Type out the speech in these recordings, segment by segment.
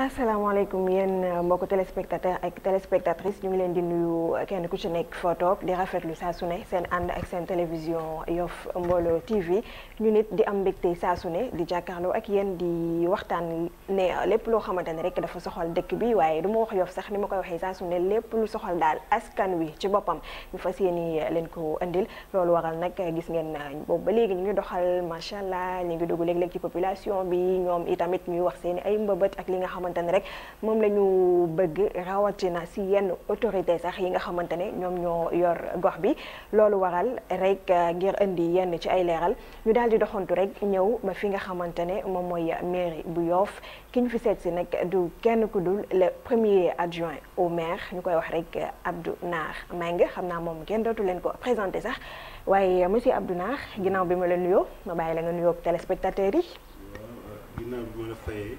asalaamaaleykum yéen euh, mbokku téléspectateur ak téléspectatrice ñu ngi leen di nuyu euh, kenn ku ci nekk foo toog di rafetlu saa su seen ànd ak seen télévision Yoff Mbollo TV ñu nit di am mbégte saa su ne di jàkkaarloo ak yéen di waxtaan ne lépp loo xamante ne rek dafa soxal dëkk bi waaye du ma wax Yoff sax ni ma koy waxee saa su ne lépp lu soxal daal askan wi ci boppam ñu fas yéene leen ko indil loolu waral nag gis ngeen euh, boobu ba léegi ñu ngi doxal macha allah ñu ngi dugg léeg-léeg ci population bi ñoom itamit ñuy wax seen ay mbëbët ak li nga xamante xamante rek mom lañu bëgg bëgg na ci yenn autorité sax yi nga xamante ñom ñoom ñoo yor gox bi lolu waral rek euh, ngir indi yenn ci ay léral ñu daldi doxantu rek ñew ma fi nga xamante mom moy maire bu Yoff kiñ fi seet si nag du kenn ku dul le premier adjoint au maire ñukoy wax rek euh, Abdou Nar Mbengue nga xamna mom kenn dootu leen ko présenter sax waye euh, monsieur Abdou Nar ginaaw bima la nuyo ma bayila la nga nuyoo téléspectateurs yi. ginaaw bima la fayé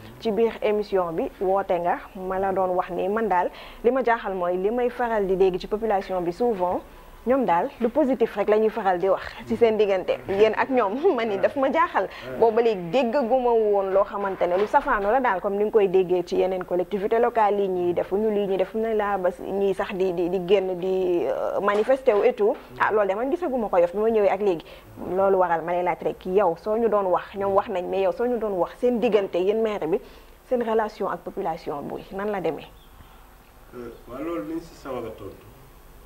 ci biir émission bi woote nga ma la doon wax ni man daal li jaaxal faral di dégg ci population bi souvent ñoom daal lu positif rek la ñuy faral di wax ci seen diggante yéen ak ñoom man ni daf ma jaaxal booba léegi déggaguma woon loo xamante ne lu safaano la daal comme ni nga koy déggee ci yeneen collectivité local yi ñuy def ñu lii ñu def na laa ba ñii sax di di di génn di euh, manifester wu et ah loolu de man gisaguma ko yof bi ñëwee ak léegi loolu waral ma lay laaj rek yow soo ñu doon wax ñoom wax nañ mais yow soo ñu doon wax seen diggante yéen maire bi seen relation ak population buy nan la demee euh,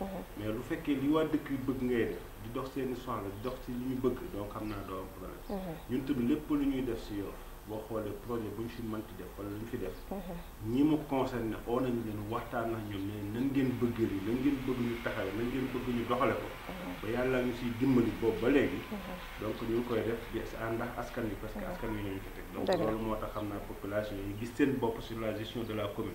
mais lu fekkee li waa dëkk yu bëgg ngay def di dox seeni i la di dox ci li ñu bëgg donc xam naa doo am problème. Mhm. ñun tamit lépp lu ñuy def si Yoff boo xoolee projet bu ñu fi mënti def wala lu ñu fi def. Mhm. ñi mu concerné oo nañu leen waxtaan ak ñoom ne nan ngeen bëgg yi nan ngeen bëgg ñu taxawee nan ngeen bëgg ñu doxale ko. Mhm. ba yàlla ñu siy dimbali boobu ba léegi. donc ñu ngi koy def di ànd askan wi parce que askan wi ñoo ñu ko teg. donc loolu moo tax xam naa population yi gis seen bopp sur la gestion de la commune.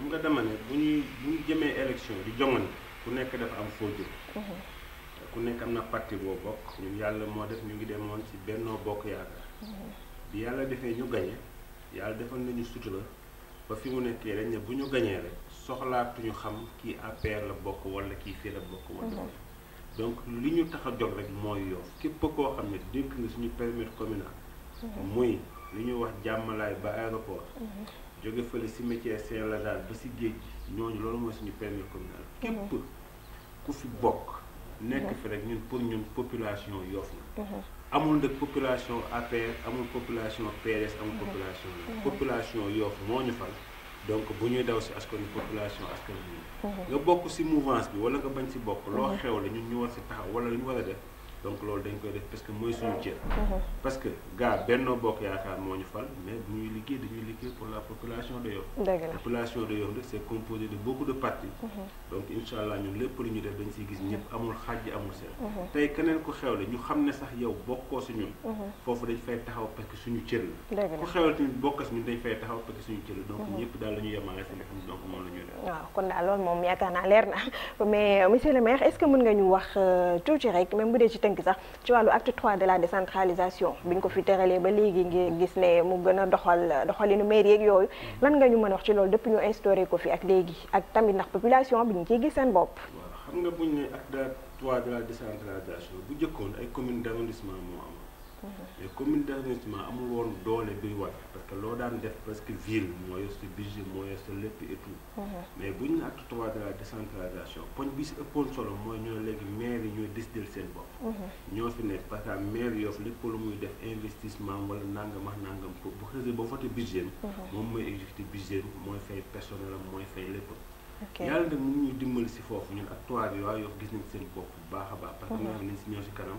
xam nga demal ne bu ñuy bu ñu jëmee élection di joŋoon ku nekk dafa am foo jóg. Mhm. ku nekk am na parti boo bokk yàlla moo def ñu ngi demoon ci Benno Bokk Yaakaar. Mhm. bi yàlla defee ñu gañe yàlla defal nañu sutura ba fi mu nekkee dañ ne bu ñu gañee rek soxlaatuñu xam kii APR la bokk wala kii fii la bokk. wala mhm. donc li ñu tax a jóg rek mooy Yoff képp koo xam ne dénk nga suñu périmètre communal. muy li ñu wax jàmmalaay ba aéroport. jóge fële cimetière Saint Lazare ba si géej gi ñooñu loolu mooy suñu permis communal képp ku fi bokk nekk fi rek ñun pour ñun population Yoff la amul nag population APR amul population PDS amul population la population Yoff moo ñu fal donc bu ñuy daw si askan population askan bi nga bokk si mouvance bi wala nga bañ si bokk loo xew la ñun ñu war si taxaw wala lu ñu war a def donc lool dañ koy def parce que moy suñu cër. Mhm. parce que gars Benno Bokk Yaakaar moñu fal mais bu ñuy liggéey dañuy liggéey pour la population de Yoff. la population de Yoff rek c'est composé de beaucoup de parties mhm. donc incha ñun lepp lu ñu def dañ ci gis ñëpp amul xàjj amul sel mhm. tay keneen ku xewle ñu xamné sax yow bokko ci ñun. fofu dañ fay taxaw parce que suñu ciir la. ku xewle tamit bokk si ñun dañ fay taxaw parce que suñu ciir donc ñëpp daal lañu ñu yemaale si li xam donc moom la def. waaw kon daal lool mom yaakaar naa leer na mais monsieur le maire est ce que mën nga ñu wax euh, tout ci rek même bu dé ci tënk sax ci wàllu acte 3 de la décentralisation bi ñu ko fi teralee ba léegi ngi gis ne mu gën a doxal doxalinu maire yeeg yooyu lan nga ñu mën wax ci loolu depuis ñu instauré ko fi ak léegi ak tamit ndax population bi ñu ci gis seen bopp. waaw xam nga bu ñu ne acte 3 de la décentralisation bu njëkkoon ay communes d' arrondissement moo am. mais mhm. commune d' arrondissement amul woon doole bi war. que loo daan def presque ville moo yor sa budget moo yor sa lépp et mhm. mais bu ñu acte trois de la décentralisation poñ bi si ëppoon solo mooy ñoo léegi maire yi ñoo décider seen bopp. Mhm. ñoo fi ne parce que maire Yoff lépp lu muy def investissement wala nangam ak nangam pour bu xësee ba voté budget mhm. moom mooy exécuté budget mooy fay personnel am mooy fay lépp. yàlla nag mun ñu dimbali si foofu ñun ak trois yoo waa Yoff gis nañ seen bopp baax a baax. parce si ñoo si kanam.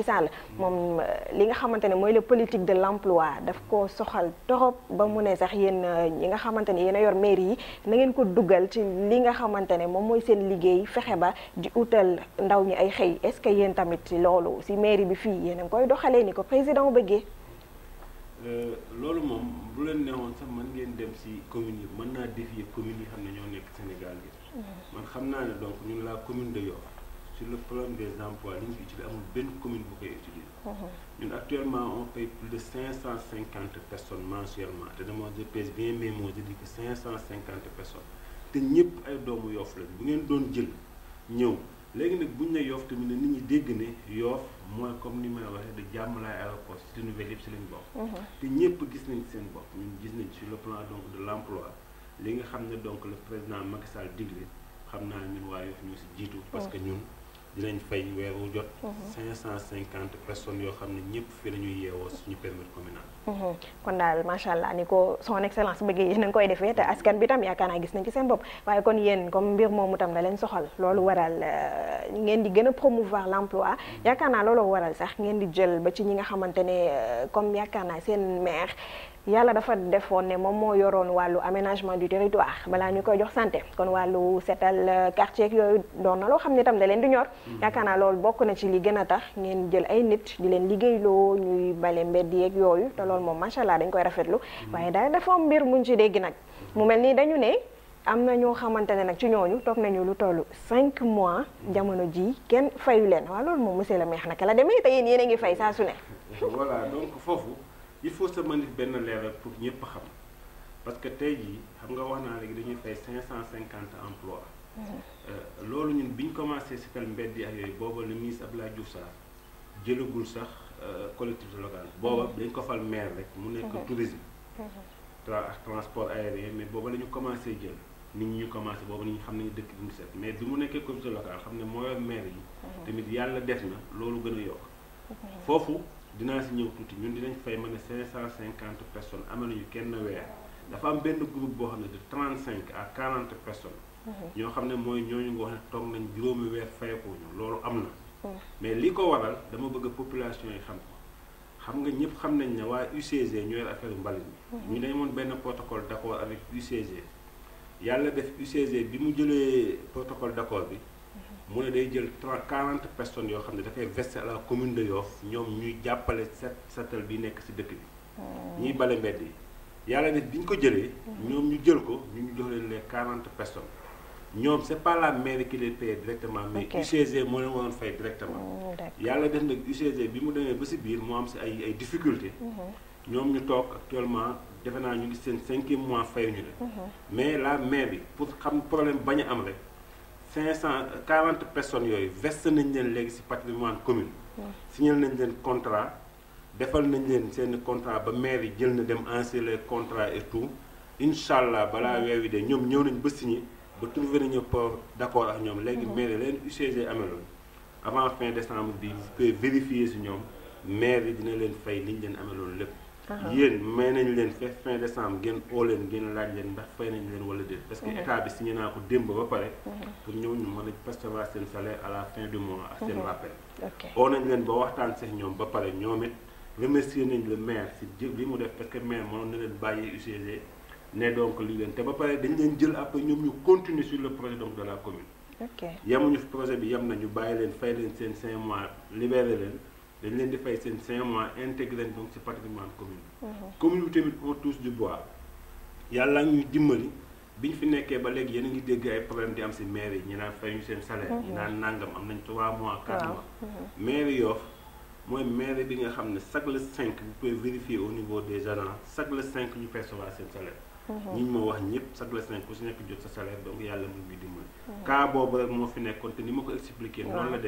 Macky Sall moom euh, li nga xamante ne mooy la politique de l'emploi daf ko soxal torop ba mu ne sax yéen euh, ñi nga xamante ne yéen yor mairie yi nangeen ko duggal ci li nga xamante ne moom mooy seen liggéey fexe ba di utal ndaw ñi ay xëy est-ce que yéen tamit loolu si mairie bi fii yéen a ngi koy doxalee ni ko président bëggee. Euh, loolu moom bu leen newoon sax mën ngeen dem si commune yi mën naa défier commune yi xam ne ñoo nekk Sénégal bi mm-hmm. man xam naa ne donc ñun la commune de Yoff sur le plan des emplois li ñu une utilisé amul benn commune bu koy utiliser mhm. ñun actuellement on paye plus de 550 personnes mensuellement te demande de pèse bien mes mots je que 550 personnes te n'y ay doomu yoof offre. bu ngeen doon jël ñëw léegi nag buñ ne yoof tamit ne nit ñi offre ne yoof mooy comme ni may waxee de jàmmalaay aéroport cité nouvelle yëpp si lañ bokk mhm. te ñëpp gis nañ seen bopp ñun gis nañ sur le plan donc de l'emploi li nga xam donc le président Macky Sall digle xam naa ñun waa yoof ñoo si parce que mhm. nous dinañ fay weer wu jot. 550 mhm. personnes yoo xam ne ñëpp fii la ñuy yeewoo suñu permis communal. Mhm. kon daal macha allah ni ko son excellence bëggee yéen koy defee te askan bi tam yaakaar naa gis nañ ci seen bopp waaye kon yéen comme mbir moom tam da leen soxal loolu waral euh, ngeen di gën a promouvoir l' emploi mhm. yaakaar naa looloo waral sax ngeen di jël ba ci ñi nga xamante ne euh, comme yaakaar naa seen maire. yalla dafa defoon ne moom moo yoroon wàllu aménagement du territoire bala ñu koy jox santé kon walu sétal euh, quartier ak yooyu doon na lo xam tam itam da leen di ñor mm-hmm. yakana lool bokku na ci li gëna tax ngeen jël ay nit di leen lo ñuy balé mbéddi ak yoyu té lool moom machallah dañ koy rafetlu mm-hmm. waaye daal dafa am mbir muñ ci dégg nak mu melni dañu né amna na ñoo xamante ne ci ñooñu top nañu lu tollu 5 mois jamono ji kenn fayu leen wa lool moom monsieur le maire naka la démé te yéen yéen ngi fay sa su né voilà donc fofu il faut sa manif benn leeral pour ñëpp xam parce que tey jii xam nga wax naa léegi dañuy fay 550 emplois mm-hmm. euh, loolu ñun bi ñu commencé si tal mbedd yi ak yooyu booba le ministre Abdoulaye Diouf Sarr jëlagul sax euh, collectivité locale booba mm-hmm. dañ ko fal maire rek mu nekk mm-hmm. tourisme transport aérien mais booba la ñu commencé jël nit ñu commencé boobu nit ñi xam nañu dëkk bi mu set mais bi mu nekkee comité local xam ne mooy maire yi tamit yàlla def na loolu gën a yokk foofu dinaa si ñëw tuuti ñun dinañ fay ma ne 550 personnes am nañu kenn weer dafa am benn groupe boo xam ne de cinq à 40 personnes. Mhm. ñoo xam ne mooy ñooñu nga wax ne toog nañ juróomi weer ñu loolu am na. Mhm. mais li ko waral dama bëgg population yi xam ko xam nga ñëpp xam nañ ne waa UCG ñooy affaire mbalit mi. Mhm. ñu moon benn protocole d'accord avec UCG yàlla def UCG bi mu jëlee protocole d'accord bi. mu ne day jël 30 40 personnes yoo xam ne dafay vester à la commune de Yoff ñoom ñuy jàppale set setal bi nekk si dëkk bi. Hmm. ñuy bale mbedd yi. yàlla ne bi ko jëlee. Hmm. ñoom ñu jël ko ñu ñu jox leen les 40 personnes. ñoom c' est pas la mairie qui les paye directement. mais UCG moo leen waroon fay directement. Hmm, yàlla def nag UCG bi mu demee ba si biir mu am si ay ay difficultés. ñoom ñu toog actuellement defe naa ñu ngi seen cinquième mois fayuñu la. mais la mairie pour xam problème bañ a am rek cinq cent quarante personnes yoy versé nañ leen légui ci patrimoine commune signé nañ leen contrat defal nañ leen sen contrat ba maire yi jël na dem ancien les contrat et tout inshallah bala balaa weer wi de ñoom ñëw nañ ba signé ba trouvé nañu port d' ak ñom légui mm-hmm. maire leen UCG ameloon avant fin décembre bi vous vérifier ci ñom maire yi dina leen fay liñ leen ameloon lepp Uh-huh. yéen may nañ leen fe fin décembre ngeen oo leen ngeen laaj leen ndax fay nañ leen wala déet parce que uh-huh. état bi signé naa ko démb ba pare uh-huh. pour ñëw ñu mën a percevoir seen salaire à la fin du mois ak seen rappel oo nañ leen ba waxtaan sax ñoom ba pare ñoom it remercier nañ le maire si jëf li mu def parce que maire mënoon na leen bàyyi UCG ne donc li leen te ba pare dañ leen jël après ñoom ñu continuer sur le projet donc de la commune yemuñu projet bi yem na ñu bàyyi leen fay leen seen cinq mois leen dañ leen di fay seen cinq mois intégré donc ci patrimoine commune bi. Mhm. commune bi tamit on touche du bois yàlla ñuy dimbali bi ñu fi nekkee ba léegi yéen a ngi dégg ay problème di am si maire yi ñu naan fay ñu seen salaire. ñu mhm. naan nangam am nañ trois mois quatre mhm. maire Yoff mooy maire bi nga xam ne chaque le cinq vous pouvez vérifier au niveau des agents chaque le cinq ñu percevoir seen salaire. Uh-huh. ñi ñu ma wax ñëpp sagles nañ ku si nekk jot sa salaire donc yàlla mu ngi dimbali uh-huh. cas boobu rek moo fi nekkoon te ni ma ko expliqué noonu uh-huh.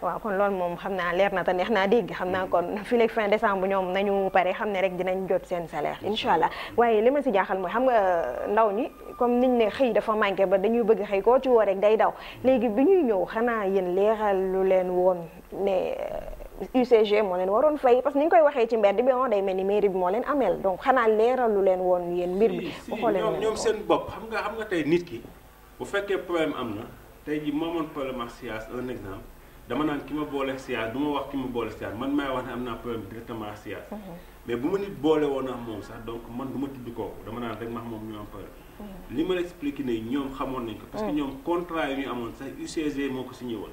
ko au ah, moom xam naa leer na te neex naa dégg xam naa mm. kon fii léegi fin décembre ñoom nañu pare xam ne rek dinañ jot seen salaire incha allah waaye li ma si jaaxal mooy xam nga uh, ndaw ñi comme niñ ne xëy dafa manqué ba dañuy bëgg xëy koo ci woo rek day daw mm. léegi bi ñuy ñëw xanaa yéen leeral leen woon ne uh, UCG moo leen waroon fay parce que ni ñu koy waxee ci mbedd bi on ah, day mel ni mairie moo leen ameel donc xanaa leeralu leen woon yéen mbir bi bu xoolee ñoom ñoom seen bopp xam nga xam nga tey nit bu fekkee problème am na tey ji moomoon problème ak SIAS un dama naan ki ma boole SIAS du ma wax ki ma boole SIAS man maay wax ne am naa problème directement ak mhm. boole woon ak sax donc man ma tudd kooku dama naan rek ma xam moom ñu mhm. li ma la expliqué ñoom xamoon nañ ko parce que mhm. ñoom contrat yi ñu amoon sax UCG moo ko signé woon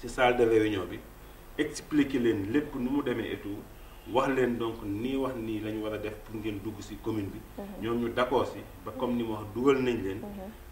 ci salle de réunion bi expliquer leen lépp nu mu demee et wax leen donc ni wax nii lañu war a def pour ngeen dugg ci commune bi. Mhm. ñoom ñu d'accord ci ba comme ni ma wax dugal nañ leen. Mhm.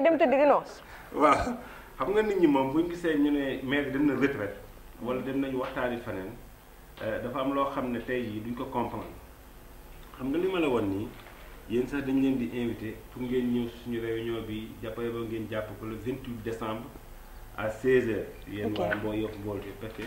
rek dem tëdd di waa xam nga nit ñi moom bu gisee ñu ne mais dem na retraite wala dem nañu waxtaani feneen euh, dafa am loo xam ne tey jii duñ ko comprendre xam nga li ma la woon nii yéen sax dañ leen di invité pour ngeen ñëw suñu réunion bi jàppale ba ngeen jàpp ko le 28 décembre à 16h. ok yéen waa Mbour Yoff Mbour yi parce que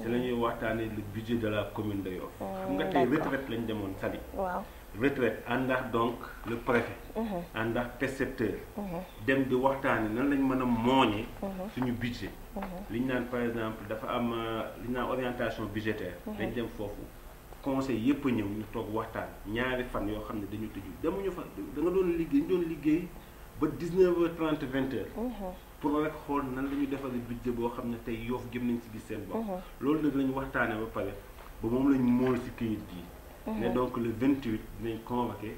ci la ñuy waxtaanee le budget de la commune de Yoff. Oh, xam nga tey retraite lañ demoon Saly. waaw. retraite ànd donc le préfet. Mhm. ànd percepteur. Mhm. dem di waxtane nan lañ mëna moñé mhm. suñu budget. liñ nane par exemple dafa am euh, liñ ñu orientation budgétaire. dañ dem fofu conseil yépp a ñëw ñu tok waxtaan ñaari fan yo xamné dañu tëju demuñu fa da nga doon liggéey doon liggéey ba 19h30 20h. pour rek xool nan lañu ñuy budget bo xamné tay yof gëm nañ ci gis seen bopp. loolu nag la waxtane ba pare ba moom la ñu mool si këyit gi ne uh-huh. donc le 28 mai convoqué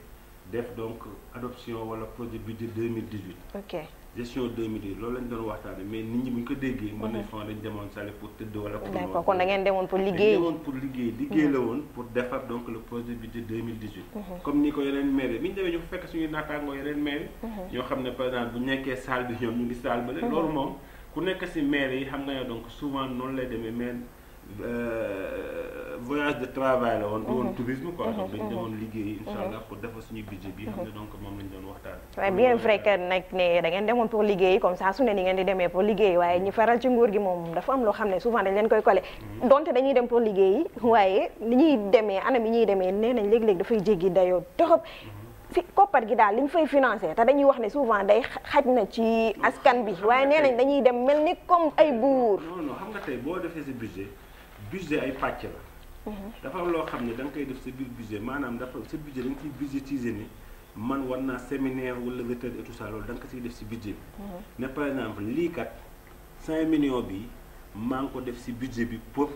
def donc adoption wala projet budget 2018. ok gestion 2018 loolu lañ doon waxtaanee mais nit ñi buñ ko déggee. mën nañ uh-huh. fan dañ demoon salé pour tëdd wala. pour d'accord kon da ngeen demoon pour liggéey demoon pour liggéey liggéey la uh-huh. woon pour defar donc le projet budget 2018. comme ni ko yeneen maire bi ñu demee ñu ko fekk suñu naataangoo yeneen maire yi. ñoo xam ne par exemple bu ñu nekkee salle bi ñoom ñu ngi salle ba léegi. loolu moom ku nekk si maire yi xam nga ne donc souvent noonu lay demee maire. Euh, voyage de travail la mhm. mhm. mhm. bi ne donc moom nag ne da ngeen demoon pour liggéey comme ça su ne ni di demee pour liggéey waaye ñu faral ci nguur gi moom dafa am loo xam ne souvent dañ leen koy collé. donte dañuy dem pour liggéey waaye ni ñuy demee anam yi ñuy demee nee nañ léeg-léeg dafay jéggi dayoo trop. fi koppat gi daal li ñu fay financé te dañuy wax ne souvent day xaj na ci askan bi waaye nee nañ dañuy dem mel ni comme ay buur non budget ay pàcc la mhm. dafa am loo xam ne da nga koy def sa biir budget maanaam dafa sa budget da nga ciy budgétiser ne man war naa séminaire wala retraite et tout ça loolu da nga ko ciy def si budget bi mhm. ne par exemple lii kat 5 millions bi maa ngi ko def si budget bi pour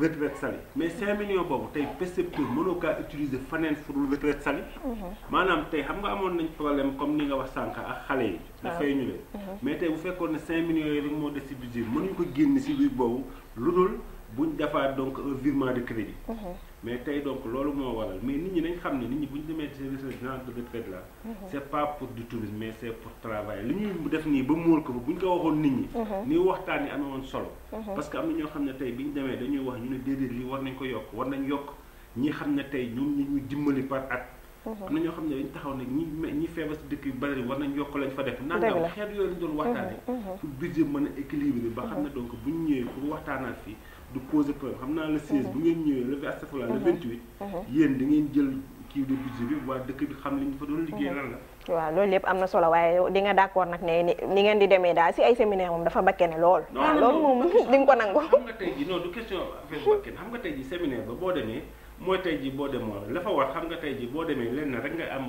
retraite sali mais 5 millions boobu tey percepteur mënoo kaa utiliser faneen pour dul retraite sali mhm. maanaam tey xam nga amoon nañ problème comme ni nga wax sànq ak xale yi ah. dafay ñu leen mais tey bu fekkoon ne 5 millions yi rek moo def si budget bi ko génn si biir boobu lu dul buñ defaat donc un virement de crédit. Mhm. mais tey donc loolu moo waral mais nit ñi nañ xam ne nit ñi bu ñu demee service de genre de retraite là. Mhm. c' est pas pour du tourisme mais c' est pour travail li ñuy def nii ba muur ko fa bu ñu ko waxoon nit ñi. Mhm. ni waxtaan yi amee woon solo. parce que am na ñoo xam ne tey bi ñu demee dañuy wax ñu ne déedéet lii war nañ ko yokk war nañ yokk ñi xam ne tey ñoom ñu ñuy dimbali par at. am na ñoo xam ne dañ taxaw ne ñi ñi feebar si dëkk yu bari war nañ yokk lañ fa def nangam xeet yooyu lañ doon waxtaane pour budget mën a équilibré ba xam ne donc bu ñu ñëwee pour waxtaanaat fii du poser problème xam naa le 16 mhm. bu ngeen ñëwee le astafurla le 28. Mhm. Mhm. yéen da ngeen jël kii de budget bi waa dëkk bi xam li doon liggéey lan la. waaw loolu lépp am na solo waaye di nga d'accord nag ni ngeen di demee daal si ay séminaire moom dafa bakkene lool. loolu moom di ko nangu. xam nga tey ji non du question affaire bakkene xam nga tey ji séminaire ba boo demee mooy tey ji boo demoon la fa war xam nga tey ji boo demee lenn rek ngay am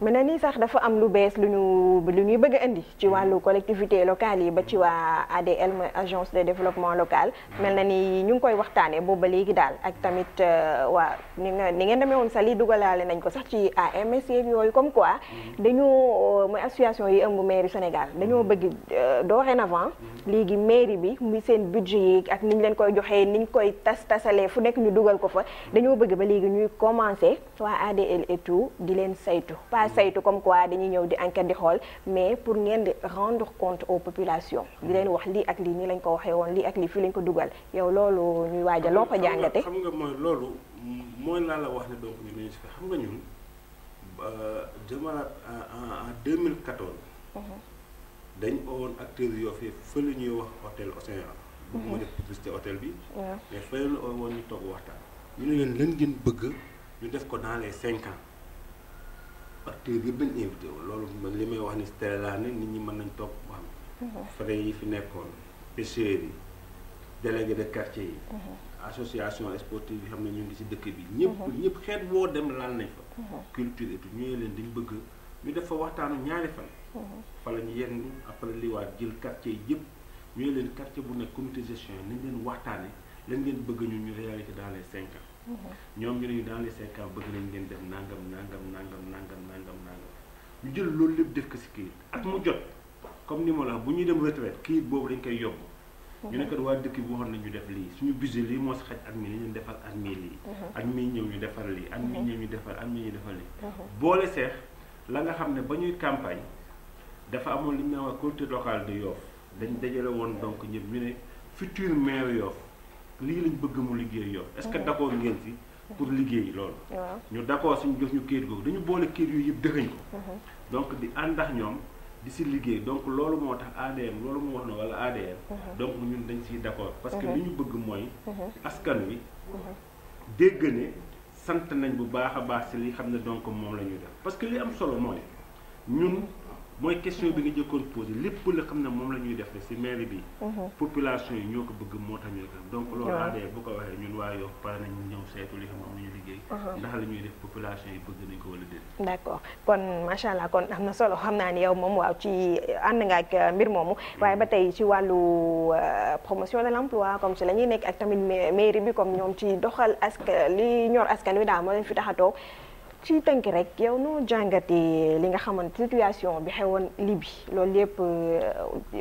mën ni sax dafa am lu bees lu ñu lu ñuy bëgg andi ci mm. wàllu collectivité locale yi ba ci waa ADL mooy agence de développement local mm. mel na ni ñu ngi koy waxtaanee booba léegi daal ak tamit euh, waa ni nga ni ngeen demee woon sa lii dugalaale nañ ko sax ci AMS yooyu comme quoi mm. dañoo euh, mooy association yi ëmb mairie Sénégal dañoo bëgg euh, avant léegi mairie bi muy seen budget yi ak niñ leen koy joxee niñ koy tas tasalee fu nekk ñu dugal ko fa dañoo bëgg ba léegi ñuy commencer waa ADL et tout di leen saytu saytu comme quoi dañuy ñëw di enquête di xool mais pour ngeen di rendre compte aux populations di leen wax lii ak lii nii lañ ko waxee woon lii ak lii fii lañ ko dugal yow loolu ñuy waajal loo ko jàngate xam nga mooy loolu mooy laa la wax ne donc ñu nañu xam nga ñun jamanaat en 2014 mhm. dañ owoon acteurs yoo fi fële ñuy wax hôtel Océan bugguma mhm. def publicité hôtel bi mais fële la woon ñu toog waxtaan ñu ne leen lan ngeen bëgg ñu def ko dans les cinq ans acteurs yëpp dañ invité woon loolu man li may wax ni télé laa ne nit ñi mën nañ topp am mhm. frais yi fi nekkoon pêcheurs yi délégué de quartier yi mhm. association sportive yi xam ne ñu ngi ci dëkk bi ñëpp mhm. ñëpp xeet boo dem laal nañ fa culture et tout ñooy leen dañ bëgg ñu def fa waxtaanu ñaari fan fa la ñu yenn après liwaat jël quartier yi yëpp ñooy leen quartier bu nekk comité gestion yi nañ leen waxtaane lañ leen bëgg ñun ñu réalité dans les cinq ñoom ñu ne ñu dans les cinq ans bëgg nañ ngeen def nangam nangam nangam nangam nangam nangam ñu jël loolu lépp def ko si kayit at mu jot comme ni ma la bu ñuy dem retraite kayit boobu dañ koy yóbbu. Mhm. ñu ne kat waa dëkk bi waxoon nañu def lii suñu budget lii moo si xaj at mi li ñu defal at mi lii. Mhm. at mi ñëw ñu defar lii at mi mhm. ñëw ñu defar at mi ñu defar lii. boole seex la nga xam ne ba ñuy campagne dafa amoon li ñu naan waa comité local de Yoff dañ dajale woon donc ñëpp lii lañ bëgg mu liggéey yow est-ce que d'accord ngeen si pour liggéey loolu ñu d'accord suñu jox ñu kayit googu dañu boole kayit yooyu yëpp dëxañ ko mm-hmm. donc di àndax ñoom di si liggéey donc loolu moo tax ADM loolu mu wax na wala ADM mm-hmm. donc ñun dañ siy d'accord parce que mm-hmm. li ñu bëgg mooy askan wi dégg ne sant nañ bu baax a baax si li xam ne donc moom la ñuy def parce que li am solo mooy ñun mooy question bi nga jëkkoon posé lépp la xam ne moom la ñuy def si mairie bi. Mhm. population yi ñoo ko bëgg moo tax ñu ko waxee mhm. def population yi bëgg nañ ko wala déet. d' accord kon macha allah kon am na solo xam naa ni yow moom waaw ci ànd nga ak uh, mbir moomu mm-hmm. waaye ba tey ci wàllu uh, promotion de l' emploi comme ci la ñuy nekk ak tamit mairie bi comme ñoom ci doxal askan li ñor askan wi daal moo leen fi tax a ci tënk rek yow noo jàngatee li nga xamante situation bi xewoon Libye loolu yëpp euh,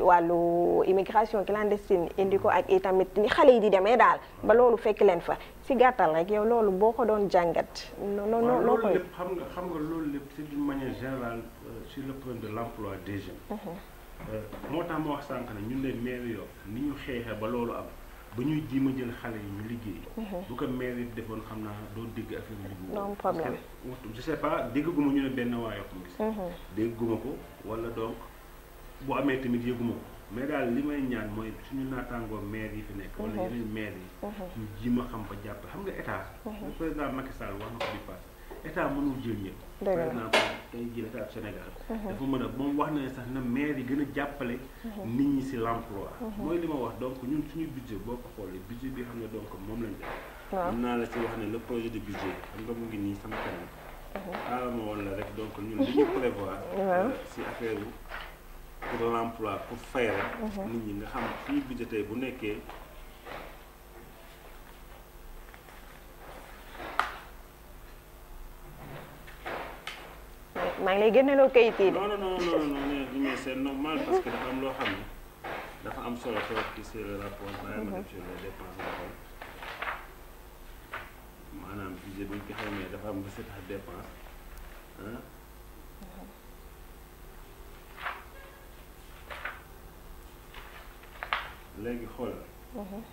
wàllu immigration clandestine indi ko ak itamit ni xale yi di demee daal ba loolu fekk leen fa si gàttal rek yow loolu boo ko doon jàngat. no no xam nga xam nga loolu lépp c'est d'une manière générale euh, sur le problème de l'emploi des jeunes. Mhm. Euh, moo tax ma wax sànq ne ñun de maire yoo ni ñu xeexee ba loolu am. ba ñuy jii ma jël xale yi ñu liggéey. Mhm. bu ko mairie defoon xam naa doo dégg affaire liggéey. non problème je sais pas dégguma ñu ne benn waa yokk gis. Mhm. dégguma ko wala donc boo amee tamit yëguma ko mais li may ñaan mooy suñu naataangoo maire yi fi nekk. wala mhm. yeneen maire yi. ñu ji ma xam ba jàpp xam nga état. le président Macky Sall wax na ko bi pass état mënul jël ñëpp. par exemple tey jii état Sénégal. Mhm. dafa mën a moom wax na sax na maire yi gën a jàppale. Mhm. nit ñi si l' mhm. mooy li ma wax donc ñun suñu budget boo ko xoolee budget bi xam ne donc moom lañ def. waaw naa la si wax ne la projet de budget xam nga mu ngi nii sama kanam. xaaral ma woon la rek donc ñun li ñu prévoir. si euh, affaire pour l' emploi pour fay rek. nit ñi nga xam suñu budget bu nekkee. maa ngi lay génneloo kayit yi de. non non non non mais c'est normal parce que dafa am loo xam ne dafa am solo trop ci c'est le rapport. bàyyi ma dem sur les dépenses de xool maanaam budget bi ñu ko xamee dafa am recette ak dépense ah. léegi xoolal. Mhm.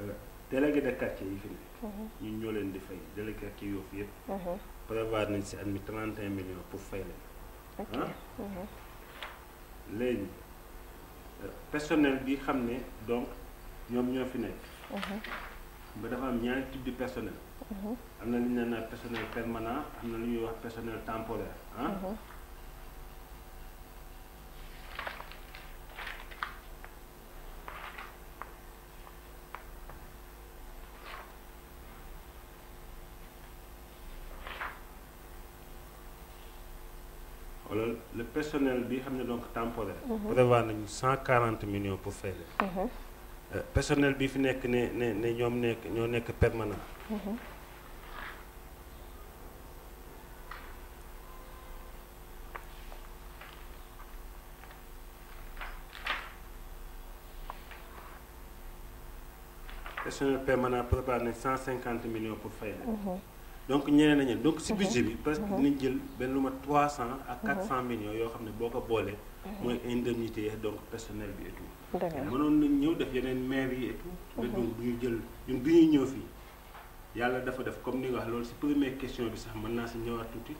Euh, délégué de quartier yi fi ne. Mhm. ñun ñoo leen di fay délégué quartier yoofu yëpp. prévoir nañ si 31 millions pour hein? leen. ok hein? mhm. le personnel bi xam donc ñoom ñoo fi nekk. Il y a un type de personnel. Il y lu ñuy personnel permanent am na lu ñuy wax personnel temporaire hein? mhm. le personnel bi xamné donc temporaire. Mhm. prévoir nañu 140 millions pour faire. Le mhm. euh, personnel bi fi nek ne ne ne nek ño nek permanent. Mhm. personnel permanent prévoir avoir 150 millions pour faire donc ñeneen nañu donc si mhm. budget bi parce que mhm. dinañ jël benn lu ma trois cent ak mhm. quatre millions yoo xam ne boo ko boolee mooy indemnité donc personnel bi et tout mënoon nañ ñëw def yeneen maire yi et tout mais donc bu ñu jël ñun bi ñuy ñëw fii yàlla dafa def comme ni nga wax loolu si première question bi sax mën naa si ñëwaat tuuti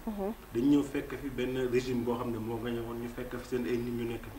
dañ ñëw fekk fi benn régime boo xam ne moo gañe woon ñu fekk fi seen ay nit ñu nekk fi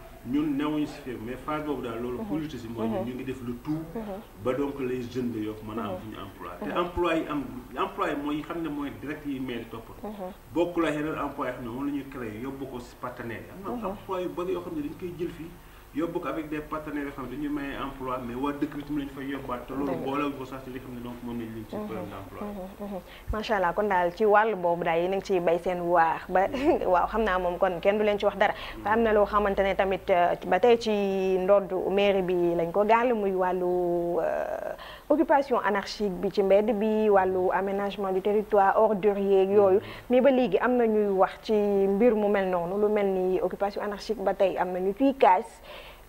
ñun newuñu si fépp mais phase boobu daal loolu mhm. politique mooy mhm. ñu ngi def lu tout mhm. ba donc les jeunes de Yoff mën a am suñu emploi te emploi yi am emploi yi xam ne mooy direct yi mairie topp bokk la yeneen emploi yoo xam ne moom la ñuy créé ko si partenaire yi am emploi yu bëri yoo xam ne dañ koy jël fii yóbbu avec des partenaires yoo xam ne dañuy maye emploi mais wa dëkk bi tamit lañu fay yóbbuwaat te loolu boole ko sax li xam ne donc mën nañ leen ci problème mmh, d'emploi mmh, mmh, ma allah kon dal ci walu bobu day ni ci bay sen wax ba waaw xam naa moom kon kenn du leen ci wax dara am na lo xamantene tamit euh, ba tey ci ndodd maire bi lañ ko gal muy walu euh, occupation anarchique bi ci mbedd bi walu aménagement du territoire ordurier yooyu mais ba léegi am na ñuy wax ci mbir mu mel noonu lu melni occupation anarchique ba tey am na ñu ciy kaas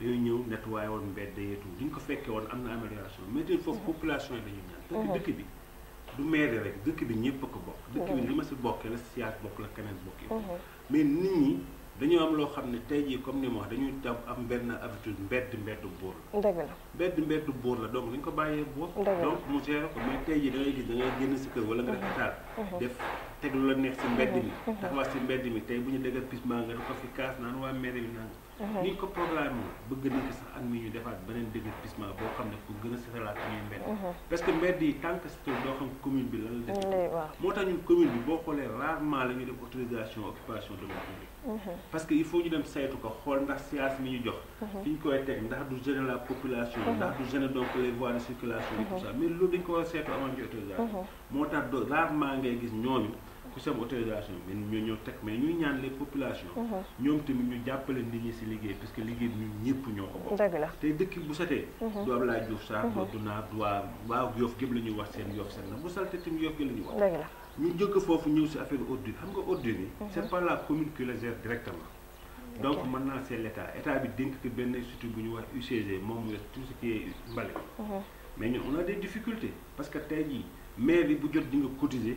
dañoo ñëw nettoyé woon mbedd yeetu li ñu ko fekkee woon am na amélioration mais tey foofu mm-hmm. population yi dañuy ñaan. parce que dëkk bi du maire rek dëkk bi ñëpp a ko bokk. dëkk bi li mm-hmm. ma si bokkee la si yaat bokk la keneen bokk mm-hmm. mais nit ñi dañoo am loo xam ne tey jii comme ni ma wax dañuy tam am benn habitude mbedd mbedd buur la. dëgg la mbedd mbedd buur la donc dañ ko bàyyee buur. donc mu gérer ko mais tey jii da gis da génn si kër wala nga teg lu la neex si mbedd mi taxawaat mhm. si mbedd mi tey bu ñu déggal pis maa nga ko fi kaas naan waa mairie bi naan mhm. ni ñu ko programme yi bëgg nañ ko sax at mi ñu defaat beneen déguerpissement boo xam ne pour gën a setalaat ñuy mbedd mhm. parce que mbedd yi tant que surtout doo xam commune bi lan la def moo tax ñun commune bi boo xoolee rarement la ñuy def autorisation occupation de la commune parce que il faut ñu dem saytu ko xool ndax siyaas mi ñu jox fi ñu koy teg ndax du gêner la population ndax du gêner donc les voies de circulation et tout ça mais loolu dañ ko war a saytu avant ñu autorisation moo tax rarement ngay gis ñooñu système autorisation bi ñu ñoo tek mais ñuy ñaan les populations mhm. ñom tamit ñu jappalé nit ñi si liggéey parce que liggéey bi ñun ñëpp ñoko bokk dëgg la té dëkk bu sété do am la jox sa do du mhm. do waa Yoff gépp la ñuy wax seen yof set na bu salté tim yof gi la wax dëgg la ñu jëkk fofu ñew ci affaire ordure xam nga ordure yi mhm. c'est pas la commune qui le gère directement donc maintenant c'est l'état état bi dénk ko benn institut bu ñu wax UCG mom mu tout ce qui est mbale mais ñu on a des difficultés parce que tay jii maire bi bu jot di nga cotiser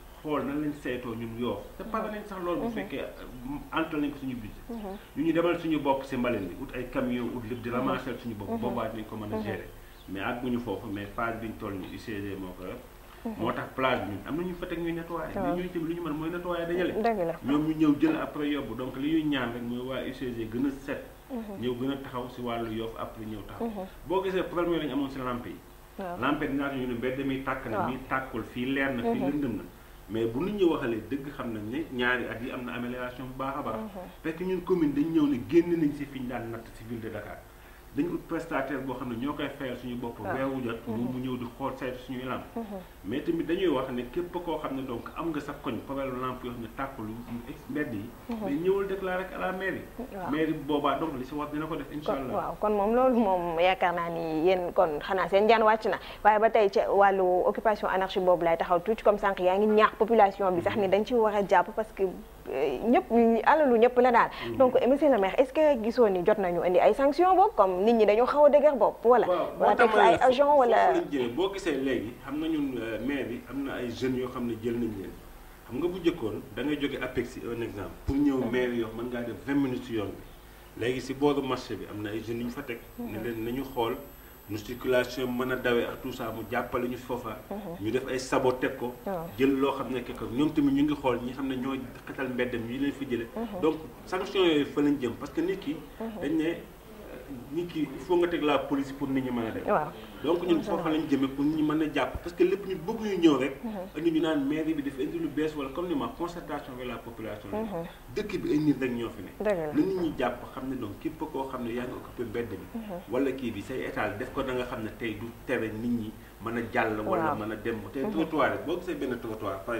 xool na lañ saytoo ñun yoo te pare nañ sax loolu bu mhm. fekkee euh, antal nañ ko suñu budget mhm. ñu ñu demal suñu bopp si mbalin bi ut ay camion ut lépp di mhm. ramasser suñu bopp boobaa dinañ ko mën a gérer mais ak ñu foofu mais phase biñ toll ñu UCG moo ko moo tax plage bi am na ñu fa teg ñuy nettoyé li mooy nettoyé dajale ñoom ñu ñëw jël li ñuy ñaan rek mooy waa UCG gën a set ñëw gën a taxaw si wàllu yoof après ñëw taxaw boo gisee problème la ñu amoon si lampe yi lampe dinaa ñu ne mbedd mi tàkk na mi tàkkul fii leer na fii mais bu nit ñi waxalee dëgg xam nañ ne ñaari ak yi am na amélioration bu baax a baax. Mhm. fekk ñun commune dañ ñëw ne génn nañ si fi ñu daan natt si biir de Dakar. dañu ut prestataire boo xam ne ñoo koy fayal suñu bopp ah. weer wu jot mm-hmm. moom mu ñëw di xool saytu suñuy lamp mm-hmm. mais tamit dañuy wax ne képp koo xam ne donc am nga sa koñ problème mm-hmm. la mairie mairie boobaa donc li si wax dina ko def incha allah waaw kon moom loolu moom yaakaar naa ni yéen kon xanaa seen jaan wàcc na waaye ba tey ci wàllu occupation anarchie boobu lay taxaw tuuti comme sànq yaa ngi ñaax population bi sax ni dañ ci war a jàpp parce que ñëpp alalu ñëpp la daal mm-hmm. donc monsieur le maire est-ce que gisoon ni jot nañu indi ay sanctions boobu comme nit ñi dañoo xaw a dëgër bopp wala wala teg ay agent wala jëlee boo gisee léegi xam na ñu euh, maire bi am na ay jeunes yoo xam ne jël nañ leen xam nga bu njëkkoon dangay jóge jóge APEX un exemple pour ñëw maire yoo mën ngaa def vingt minutes yoon bi léegi si booru marché bi am na ay jeunes yu ñu fa teg ne mm-hmm. leen ñu xool musculation mën a dawee ak tout ça mu jàppale ñu foofa. Mhm. ñu def ay sabot ko. Ah. jël loo xam ne que ñoom tamit ñu ngi xool ñi xam ne ñoo xetal mbeddam yi leen fi jëlee. Mhm. donc sanction fa lañ jëm parce nit ki. Mhm. dañ ne nit ki il faut nga teg la police pour nit ñi mën a dem. waaw donc ñun foofa lañ jëmee pour ñu mën a jàpp parce que lépp ñu bëgg ñu ñëw rek. Mhm. indi ñu naan mairie bi dafa indi lu bees wala comme ni ma concertation avec la population. Mhm. dëkk bi ay rek ñoo fi ne. nit ñi jàpp xam ne donc képp koo xam ne yaa ngi occupé mbedd bi. Mhm. wala kii bi say état def ko da nga xam ne tey du tere nit ñi mën a jàll. wala mën a dem tey trottoir boo gisee benn trottoir par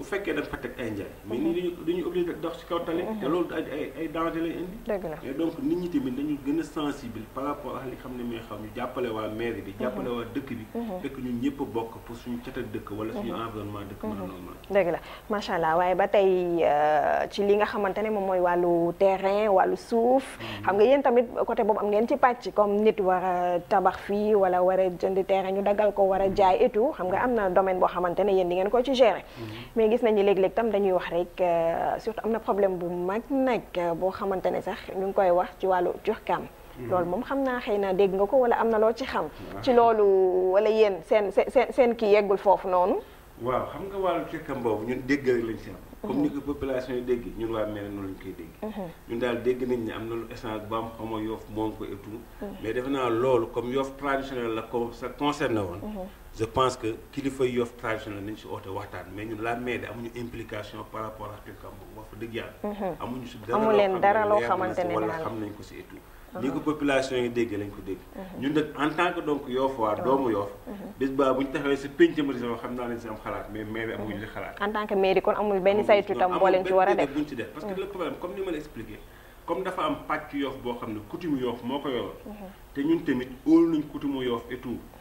bu fekkee dañ fa teg ay njaay mais nit ñi dañuy obligé dox ci kaw tali mhm. te loolu ay ay ay danger lay indi mais donc nit ñi tamit dañuy gën a sensible par rapport ak li xam ne mais xam ñu jàppale waa mairie bi jàppale mhm. waa dëkk bi mhm. fekk ñun ñëpp bokk pour suñu catal dëkk wala suñu environnement dëkk mën a normal dëgg la macha allah waaye ba tey euh, ci li nga xamante ne moom mooy wàllu terrain wàllu suuf xam nga yéen tamit côté boobu am ngeen ci pàcc comme nit war a tabax fii wala war a jënd terrain ñu dagal ko war a jaay et tout xam nga am na domaine boo xamante ne yéen di ngeen ko ci gérer gis nañu léeg-léeg tam dañuy wax rek euh, surtout am na problème bu mag nag euh, boo xamante ne sax ñu ngi koy wax ci wàllu curkaam hmm. loolu moom xam naa xëy na dégg nga ko wala am na loo ci xam. Hmm. ci loolu wala yéen seen seen seen kii yeggul foofu noonu. waaw xam nga wàllu curkaam boobu ñun dégg rek si am. comme hmm. ni ko population yi dégg ñun waa mel noonu lañ koy dégg. ñun daal dégg nañ ne am na lu essence bu am xamoo yoof moom ko et mais defe naa loolu comme yoof traditionnel la ko sa concerné woon. je pense que kilifa Yoff traditionnel nañ ci oote waxtaan mais ñun la mairie amuñu implication par rapport ak Turkam moom wax fa dëgg yàlla. Mhm. amuñu ci dara loo xamante ne wala xam nañ ko si et tout. Mhm. ni ko population yi dégg lañ ko dégg. Mhm. ñun nak en tant que donc Yoff wa doomu Yoff. bis ba bu ñu taxawee si penc ma xam naa leen si am xalaat mais mairie amuñu si xalaat. en tant que mairie kon amul benn saytu tam bo leen ci wara a def buñ ci def parce que le problème comme ni ma la expliqué. comme dafa am pàcc Yoff bo xam coutume Yoff moko ko yoroon. te ñun tamit óolu ñu coutume Yoff et tout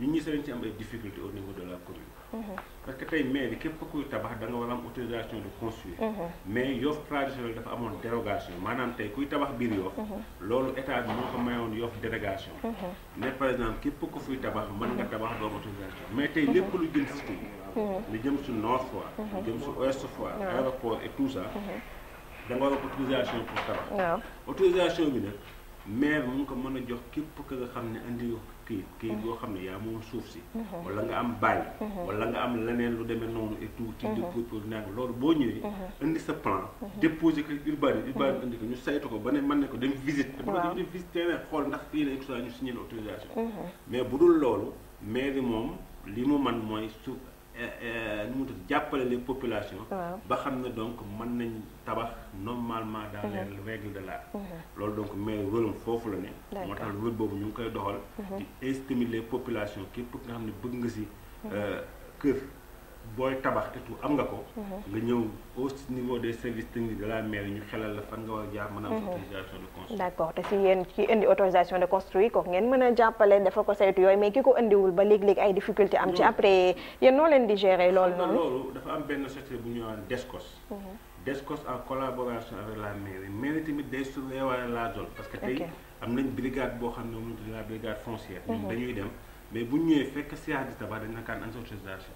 nit ñi sax ci am ay difficultés au niveau de la commune. Mhm. parce que tey mairie képp kuy tabax da nga war am autorisation de construire. Mhm. mais Yoff traditionnel dafa amoon dérogation maanaam tey kuy tabax biir yof. Mhm. loolu état bi moo ko mayoon yof dérogation. ne par exemple képp ku fuy tabax mën nga tabax doo autorisation mais tey lépp lu jëm cité lu jëm su Nord Foire. lu jëm su Ouest Foire. aéroport et tout ça. da nga war autorisation pour tabax. autorisation bi nag maire mu ko mën a jox képp ku nga xam ne andi këyit këyit mm-hmm. boo xam ne yaa moom suuf si mm-hmm. wala nga am baay mm-hmm. wala nga am leneen lu demee noonu et tout ci pour pour nag loolu boo ñëwee indi sa plan déposé ko urbain urbain indi ko ñu saytu ko ba ne mën ne ko dem visite dama dem visite terrain xool ndax ñu signé autorisation mais bu dul loolu mairie moom li mu man mooy suuf Eh, eh, nu mu tudd jàppale les populations. ba xam ne donc mën nañ tabax normalement dans mhm. les règles de l'art. Mhm. loolu donc mais rôle foofu la ne. moo tax rôle boobu ñu ngi koy doxal. Mhm. di inciter les képp nga xam ne bëgg nga si euh, kër. boy tabax et tout am nga ko. Mhm. nga ñëw au niveau des services techniques de la mairie ñu xelal la fan nga war a jaar mën mhm. autorisation de construire. d'accord té si yéen ki indi autorisation de construire ko ngeen mëna jappalé jàppale dafa ko saytu yoy mais kiko ko wul ba lég lég ay difficulté am ci après yeen no leen di gérer loolu noonu. loolu dafa am ben société bu ñu naan Descos. Mhm. Descos en collaboration avec la mairie mairie tamit day surveiller la zone. parce que tay am nañ brigade bo xamné ne la brigade foncière. ñun dañuy dem. mais bu ñu ñëwee fekk siyaas di tabax dañ nakaan am autorisation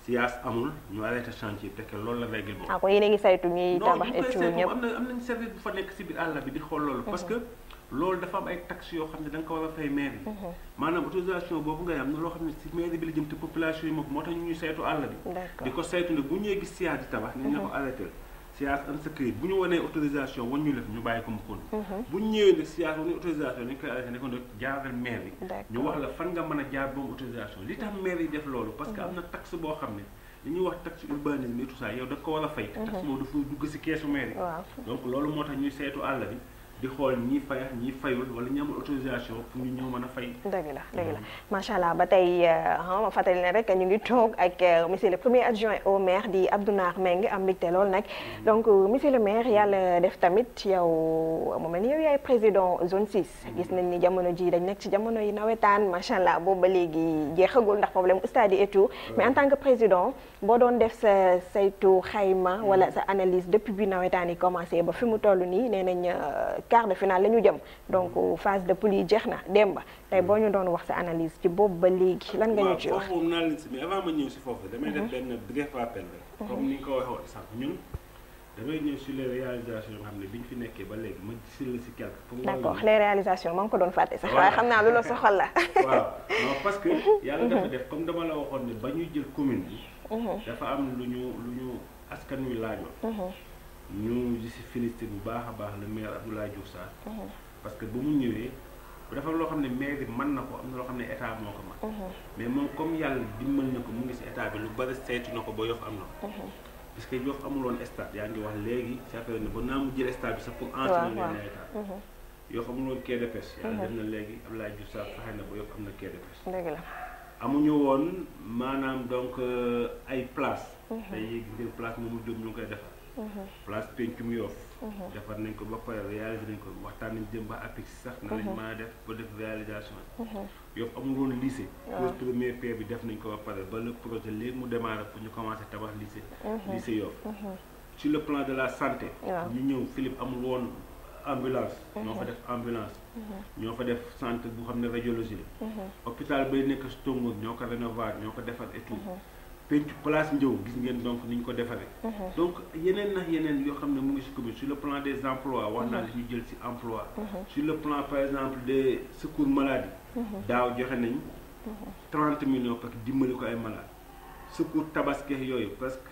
siyaas amul ñu arrêté chantier bi te loolu la règle boobu ah kon a ngi saytu ñuy tabax et tout ñëpp am na am service bu fa nekk si biir àll bi di xool loolu parce que mhm. loolu dafa am ay taxes yoo xam ne da nga ko war a fay maire bi mhm. maanaam autorisation boobu ngay am na loo xam ne si maire bi la jëm te population yi moom moo tax ñu ñuy saytu àll bi di saytu ne bu ñëwee gis siyaas di tabax nañ la ko mhm. arrêté SIAS am sa bu ñu wanee autorisation wan ñu la ñu bàyyi ko mu kon mhm. bu ñu ñëwee nag SIAS wane autorisation dañ koy arrêté ne ko nag jaaral maire yi ñu wax la fan nga mën a jaar boobu autorisation li tax maire yi def loolu parce que am na taxe boo xam ne li ñuy wax taxe urbanisme et tout ça yow da ko war a fay mhm. taxe boobu dafa dugg si keesu maire yi donc loolu moo tax ñu seetu àll bi di xool ñi fay ñi fayul wala ñi amul autorisation pour ñu ñëw mën a fay. dëgg la dëgg la macha allah ba tey euh, ah, ma fàttali ne rek ñu ngi toog ak euh, monsieur le premier adjoint au maire di Abdounar Meng am mbégte lool nag. Mm. donc euh, monsieur le maire yàlla def tamit yow mu mel ni yow yaay président zone 6. Mm. gis nañ ni jamono ji dañ nekk ci jamono yi nawetaan macha allah boobu ba léegi jeexagul ndax problème stade et tout. Mm. mais en tant que président boo doon def sa saytu xayma wala sa analyse depuis bi nawetaan yi commencé ba fi mu toll nii nee nañ. quart de finale la jëm donc phase de poule yi jeex na Demba tey boo ñu doon wax sa analyse ci boobu ba léegi lan nga ñu ci wax. waaw foofu naa leen si mais avant ma ñëw damay def mhm. benn bref rappel rek. Mhm. comme ni nga ko waxee woon ñun damay ñëw sur les réalisations yoo xam ne bi ñu fi nekkee ba léegi ma gisul la si quelque. pour wax d'accord les réalisations maa ngi ko doon fàtte sax. waaye xam naa lu la soxal la. waaw non parce que. Mhm. yàlla dafa def comme dama la waxoon ne ba ñuy jël commune bi. dafa am lu ñu lu ñu askan wi laajoon. ñu di si félicité bu baax a baax le maire Abdoulaye Diouf Sarr mhm. parce que ba mu ñëwee dafa loo xam ne maire bi na ko am loo xam ne état moo ko mën mhm. mais moom comme yàlla dimbal na ko mu ngi si état bi lu bari ko ba Yoff am na ko mhm. parce que Yoff amuloon stade yaa ngi wax léegi saafara ba naa mu jël stade bi sax pour entraîner leen état Yoff amuloon quai de pêche yàlla na léegi Abdoulaye Diouf Sarr fexe na ba Yoff am na quai de amuñu woon maanaam donc euh, ay place day yéegi ngir place moomu jóg ñu ngi koy defar Mm-hmm. place pencum Yoff mm-hmm. defar nañ ko ba pare réalisé nañ ko waxtaan nañ jëm ba APIX sax na lañ mën mm-hmm. a def ba def réalisation yi Yoff amul woon lycée ah. pose premier pierre bi def nañ ko ba pare ba le projet léegi mu démarré pour ñu commencé tabax lycée lycée Yoff sur le plan de la santé ñu ñëw Philippe amul woon ambulance ñoo fa def ambulance ñoo fa def centre bu xam ne radiologie la hôpital bay nekk si ñoo ko rénover ñoo ko defar et penc place Ndiaw gis ngeen donc niñ ko defaree. Mhm. donc yenen nax yenen yo xamné ne mu ngi si sur le plan des emplois wax naa mhm. li ñu jël si emploi mhm. sur le plan par exemple des secours maladie daaw joxé nañ 30 millions parce que dimbali ko ay malade secours tabaské yooyu parce que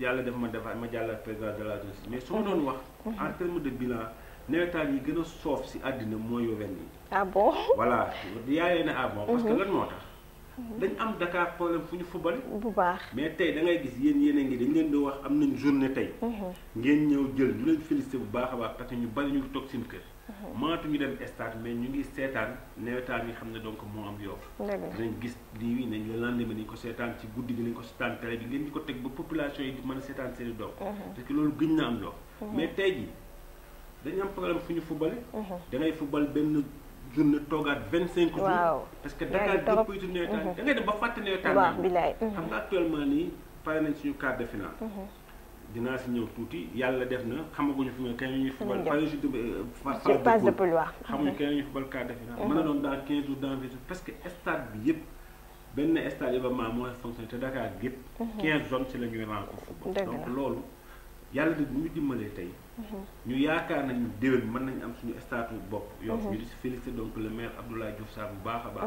yàlla def ma defaat ma jàllaat président de la justice mais su ma doon wax. en terme de bilan nawetaan yi gën a soof si àddina mooy ren yi. ah bon voilà yaayee ah na parce que mhm. lan moo tax. dañ am Dakar problème fu ñu fubal. bu baax mais tey da ngay gis yéen yéen a ngi dañ leen di wax am nañ journée tey. Mhm. ngeen ñëw jël ñu leen félicité bu baax a baax parce que ñu bari ñu ngi kër. mënatuñu dem stade mais ñu ngi seetaan nawetaan yi xam ne donc moo am yow dinañ gis lii nañ le lendemain nañ ko seetaan ci guddi gi nañ ko seetaan télé bi ngeen di ko teg ba population yi di mën seetaan seen doom parce que loolu gëñ na am loo mais tey jii dañu am problème fu ñu fubale da ngay fubal benn na toogaat vingt cinq jours parce que Dakar dépuytu nawetaan da ngay dem ba fàtte nawetaan xam nga actuellement nii pare nañ suñu quart de finale dinaa si ñëw tuuti yàlla def na xamaguñu fi mu ne kañ la ñuy fubal. Euh, par phase de poule mhm. kañ la fubal quart de finale. Mhm. mën a doon parce que stade bi yëpp benn stade Iba Mar mooy fonctionné te Dakar gépp 15 mhm. zones si la ñuy yàlla de bu ñu tey. ñu yaakaar nañu déwén mën nañu am suñu stade bopp. yow ñu di si félicité donc le maire Abdoulaye Diouf Sarr baax a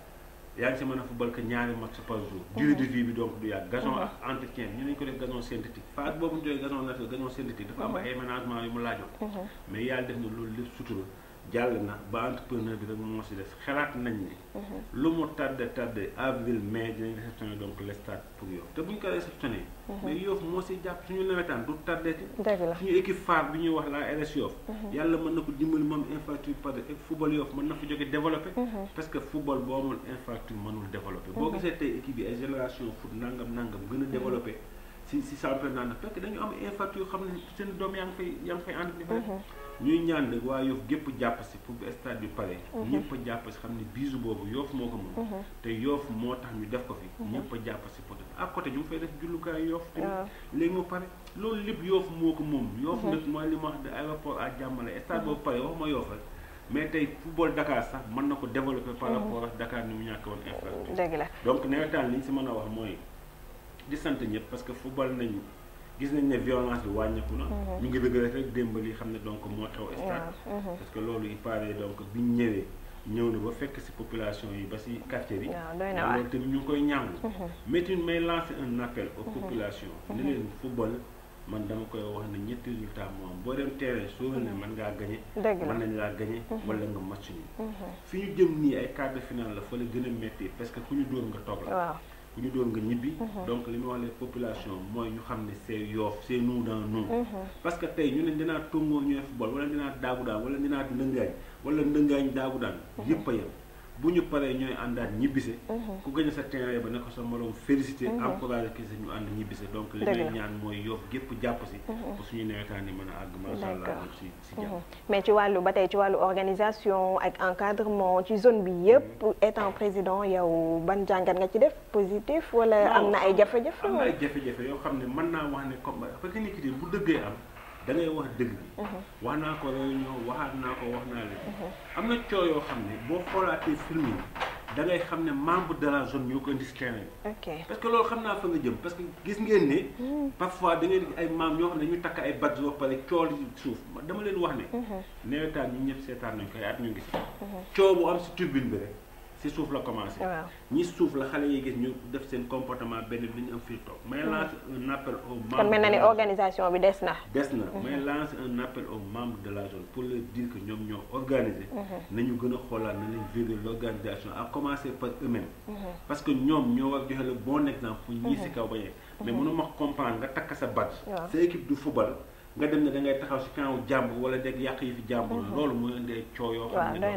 yaa ngi si mën a football que ñaari match par jour. Mhm. durée de vie bi donc du yàgg. gazon mhm. ak entretien ñu ne ñu ko def gazon synthétique phase boobu ñu doon gazon naturel gazon synthétique dafa am mhm. ay yu mu laajoon. mais yàlla def na loolu lépp sutura. jàll na ba entrepreneur bi rek moo si def xalaat nañ ne. lu mu tardé tardé avril mai dinañ réceptionné donc les stades pour Yoff te bu ñu ko réceptionné. Mhm. mais Yoff moo si jàpp suñu nawetaan du tardé. suñu équipe phare bi ñuy wax la RS Yoff. Mhm. yàlla mën na ko dimbali moom infrastructure parce que football Yoff mën na fa jóge développé. Mhm. parce que football boo amul infrastructure mënul développé. boo gisee tey équipe yi ay génération foot nangam nangam gën a développé si si championnat na dañu am infrastructure yoo xam ne seen doom yaa ngi ñuy ñaan nag waa Yoff gépp jàpp si pour stade bi pare mhm. ñëpp a jàpp si xam ni bisu boobu Yoff moo ko moom mhm. te Yoff moo tax ñu def ko fi mhm. ñëpp a jàpp si poto à côté ñu ngi fay def jullukaayu Yoff ah. loolu lépp Yoff moo ko moom Yoff nag mooy li ma wax de aéroport à Diamalaye stade boobu pare waxuma mën na ko développer par rapport Dakar ni mu ñàkk woon infrastructure dëgg donc nawetaan li ñu si mën a wax mooy di sant ñëpp parce que football nañu gis nañ ne violence bi wàññeeku na. Mhm. ñu ngi dëgg rek démb xam ne donc moo xew stade mhm. parce que loolu il paraît donc ñëwee ñëw na ba fekk si population yi ba si quartier bi. waaw loolu tamit ñu koy ñàngu. Mhm. mais tamit may lancer un appel aux populations. ne leen football man dama koy wax ne ñetti résultat moo am boo dem terrain soo ne mën ngaa gañe mën nañ laa gañe wala nga match nii fi jëm nii ay quart de la fa la gën a métti parce que ku ñu dóor nga toog la. ñu populations, nga mhm. donc li les population moi ñu c'est c'est nous dans nous. Mhm. parce que nous ñu ne le monde football wala nous nous wala nous wala nous buñu paré ñoy ñooy ñibisé ñibbise mhm. ku gën a sa terrain ba ne ko sa moroom félicité mhm. encouragé ki ñu and ñibisé donc li ñuy ñaan moy Yoff gépp japp ci mhm. pour suñu nawetaan yi mën a àgg macha allah ci si jàpp mais ci walu batay ci walu organisation ak encadrement ci zone bi yëpp étant président yow ban jàngat nga ci def positif wala amna ay jafé jafé amna ay jafé jafé yo xamné mëna wax né comme parce que nit ki bu dëggee am da ngay wax dëgg. Mhm. wax naa ko réunion waxaat ko wax naa leen. Mhm. am na coo yoo xam ne boo xoolaatee film yi da xam ne membre de la zone yoo ko indi si parce que loolu xam naa fa nga jëm parce que gis ngeen ne. Hmm. parfois da ngeen ay membres ñoo xam ne dañu takk ay bàtt yoo pare coo li suuf dama leen wax ne. Mhm. nawetaan ñun ñëpp seetaan nañ koy at ñu ngi coo bu am si turbine bi rek. si suuf la commencé. Ni suuf la xale yi gis ñu def seen comportement ben bi ñu am fi toog. mais mm-hmm. lance un appel aux membres. kon mel na ni organisation bi des na. des na mm-hmm. mais lance un appel aux membres de la zone pour leur dire que ñom ñoo organiser. Mm-hmm. nañu gëna a nañu vider l'organisation virer à commencer par eux-mêmes. parce que ñom ñoo wax joxe le bon exemple pour ñi ci kaw ba mais mënu ma comprendre nga tak sa badge. sa équipe du football nga dem ne da ngay taxaw si kanam jàmbur wala dégg yàq yi fi jàmbur. Mhm. loolu mooy indee coo yoo xam ne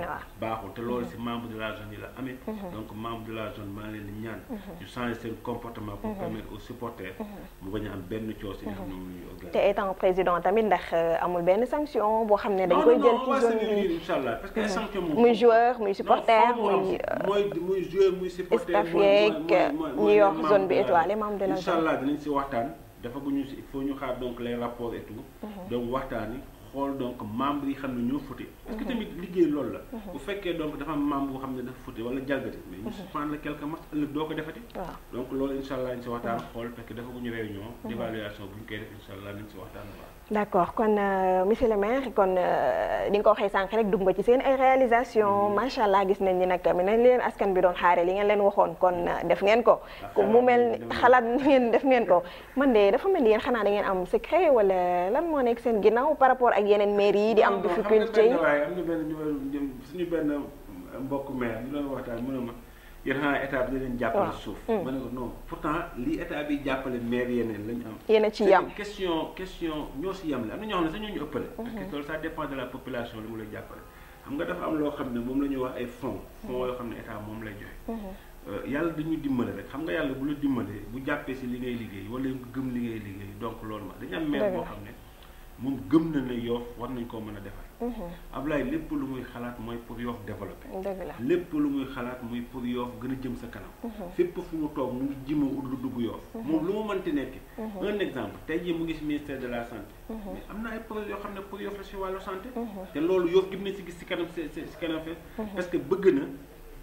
baaxul te loolu si mhm. membre de la zone yi la amee. Mhm. donc membre de la zone maa ngi leen di ñaan. ñu changer seen comportement pour permettre aux supporters. mu bañ a am benn coo si nga xam ne moom la te étant président tamit ndax euh, amul benn sanction boo xam ne dañ koy jël ci zone bi incha allah parce que sanction moom. muy joueur muy supporter muy. Euh, mooy muy joueur muy supporter. staff yeeg ñi yor zone bi étoilé membre de la zone. incha allah dinañ si waxtaan. dafa gu ñu si il faut ñu xaar donc les rapports et tout. Mhm. donc waxtaani xool donc membre yi xam ne ñoo fute. est-ce mhm. tamit liggéey loolu la. Mhm. bu fekkee donc dafa am membre boo xam ne dafa fute wala jalgati. mais ñu suspendre quelques matchs ëllëg doo ko defati. donc loolu incha allah ñu si waxtaan xool parce que dafa gu ñu réunion. d'évaluation bu ñu koy def incha allah ñu si waxtaan bu baax. d' accord kon euh, monsieur le maire kon di euh, nga ko waxee sànq rek dugg nga ci seen ay réalisation mm-hmm. macha gis nañ ni nag mi nañ leen askan bi doon xaare li ngeen leen waxoon kon euh, def ngeen ko mu mel xalaat ngeen def ngeen ko man de dafa mel ni xanaa da ngeen am secret wala lan moo nekk seen ginnaaw par rapport ak yeneen maire yi di am difficulté yi am na yéen xanaa état bi da leen jàppale suuf. Mm. ma ne ko non pourtant li état bi jàppale maire yeneen lañ am. yéen ci yam question question ñoo si yam la am na ñoo xam ne sax ñoo ñu ëppale. Mm-hmm. parce que loolu ça la population li mu lay jàppale. xam nga dafa am loo xam ne moom la ñuy wax ay fonds. Mm-hmm. fonds yoo xam ne état moom lay joxe. Mm-hmm. Euh, yàlla dañu dimbale rek xam nga yàlla bu la dimbalee bu jàppee si li ngay liggéey wala gëm li ngay liggéey donc loolu ma dañu am maire gëm na ne Yoff war nañ koo mën a defar ab mhm. Ablaye lépp lu muy xalaat mooy pour Yoff développé. dëgg la lépp lu muy xalaat muy pour Yoff gën a jëm sa kanam. Mhm. fépp fu mu toog mu ngi jima ut lu dugg Yoff. Mhm. moom lu mu mënti nekk. un exemple tey jii mu ngi si ministère de la santé. mais am na ay projet yoo xam ne pour Yoff la si wàllu santé. te loolu Yoff gi mu ne si gis si kanam si kanam fee. parce que bëgg na.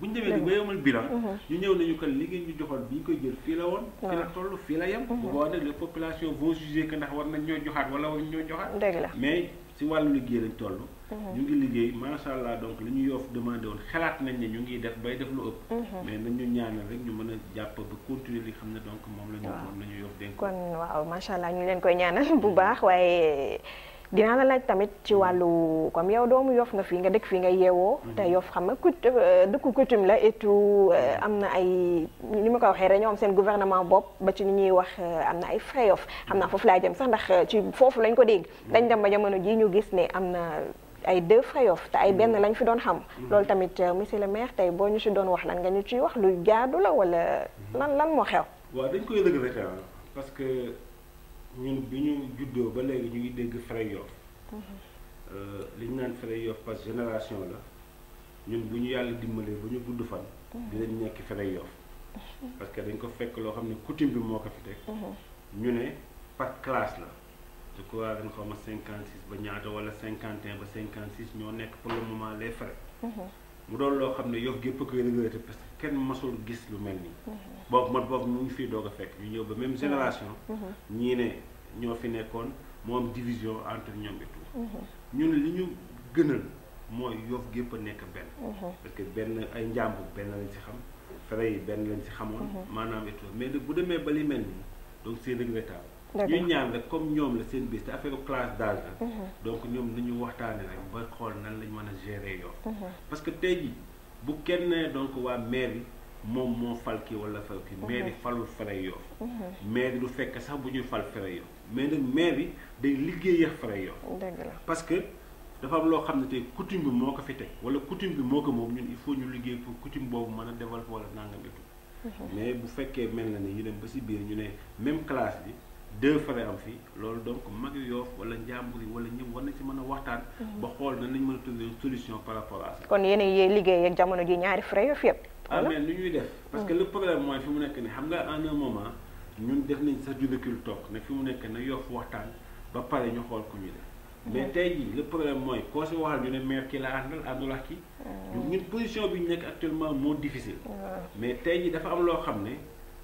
bu ñu demee ni ba yemal bilan ñu ñëw nañu que li ngeen ñu joxoon bi ñu koy jël fii la woon fii la toll fii la yem boo nag les population vont juger que ndax war nañ ñoo joxaat wala war ñoo joxaat si wàllu liggéey lañ toll ñu liggéey macha allah donc li ñu yoof demandé woon xalaat nañ ne ñu ngi def bay def lu ëpp mais nañu ñaanal rek ñu mën a jàpp ba continuer li xam ne donc moom la ñu moom la ñu yoof dénk kon waaw allah ñu leen koy ñaanal bu mmh. baax waaye dinaa la laaj tamit ci wàllu comme yow doomu yof nga fii nga dëkk fii nga yeewoo mm-hmm. te yof xam na nga dëkku coutume la etu mm-hmm. am na ay ni ma ko waxee rek ñoo seen gouvernement bopp ba ci ni ñuy wax am na ay frais yof xam naa mm-hmm. foofu laay jëm sax ndax ci foofu lañ ko dégg dañ dem ba jamono ji ñu gis ne am na ay de frais yof te ay benn lañ fi doon xam loolu tamit euh, monsieur le maire tey boo ñu si doon wax lan nga ñu ciy wax lu jaadu la wala lan lan moo xew ñun bi ñu juddoo ba léegi ñu ngi dégg Fray Yoff mhm. euh, li ñu naan Fray Yoff parce que génération la ñun bu ñu yàlla dimbalee bu ñu gudd fan mhm. dinañ nekk Fray Yoff mhm. parce que dañ ko fekk loo xam ne coutume bi moo ko fi teg ñu ne par classe la je crois dañ xaw cinquante six ba ñaata wala cinquante un ba cinquante six ñoo nekk pour le moment les frais mu doon loo xam ne Yoff gépp koy regretté parce kenn masul gis lu mel nii. Mhm. boobu man boobu mu ngi fii doog a fekk ñu ñëw ba même mhm. génération. Mhm. ñii ne ñoo fi nekkoon moo am division entre ñoom et tout. ñun li ñu gënal mooy Yoff gépp a nekk benn. parce que benn ay njàmbur benn lañ si xam fere yi benn lañ si xamoon. maanaam et mais nag bu demee ba li mel nii donc c'est regrettable. ñu ñaar la comme ñoom la seen bis te affaire classe d'âge la. donc ñoom nañu waxtaane rek ba xool nan lañ mën a gérer Yoff. parce bu kenn donc waa maire yi moom moo fal kii wala fal kii mhm. maire yi falul Fray Yoff mhm. maire yi du fekk sax bu ñuy fal Fray Yoff mais nag maire bi day liggéey ak Fray Yoff parce que dafa am loo xam ne tey coutume bi moo ko fi teg wala coutume bi moo ko moom ñun il faut ñu liggéey pour coutume boobu mën a développer wala nangam et tout mhm. mais bu fekkee mel na ni ñu dem ba si biir ñu ne même classe bi deux frères am fii loolu donc mag yof wala njàmbur wala ñëpp war ci mëna waxtaan. Mhm. ba xol nañ mën a trouver une solution par rapport à ça. kon yene yé ngi liggéey ak jamono ji ñaari frais yof yëpp. ah mais lu ñuy def. parce que mhm. le problème moy fi mu nekk nii xam nga en un moment ñun def nañ sa du tok toog ne fi mu nekk na yof waxtaan ba paré ñu xol ku ñu def. Mhm. mais tay ji le problème moy ko si waxal ñu né maire ki la andal àndul ak kii. ñun position bi ñu nekk actuellement mo difficile. mais tay ji dafa am lo xamné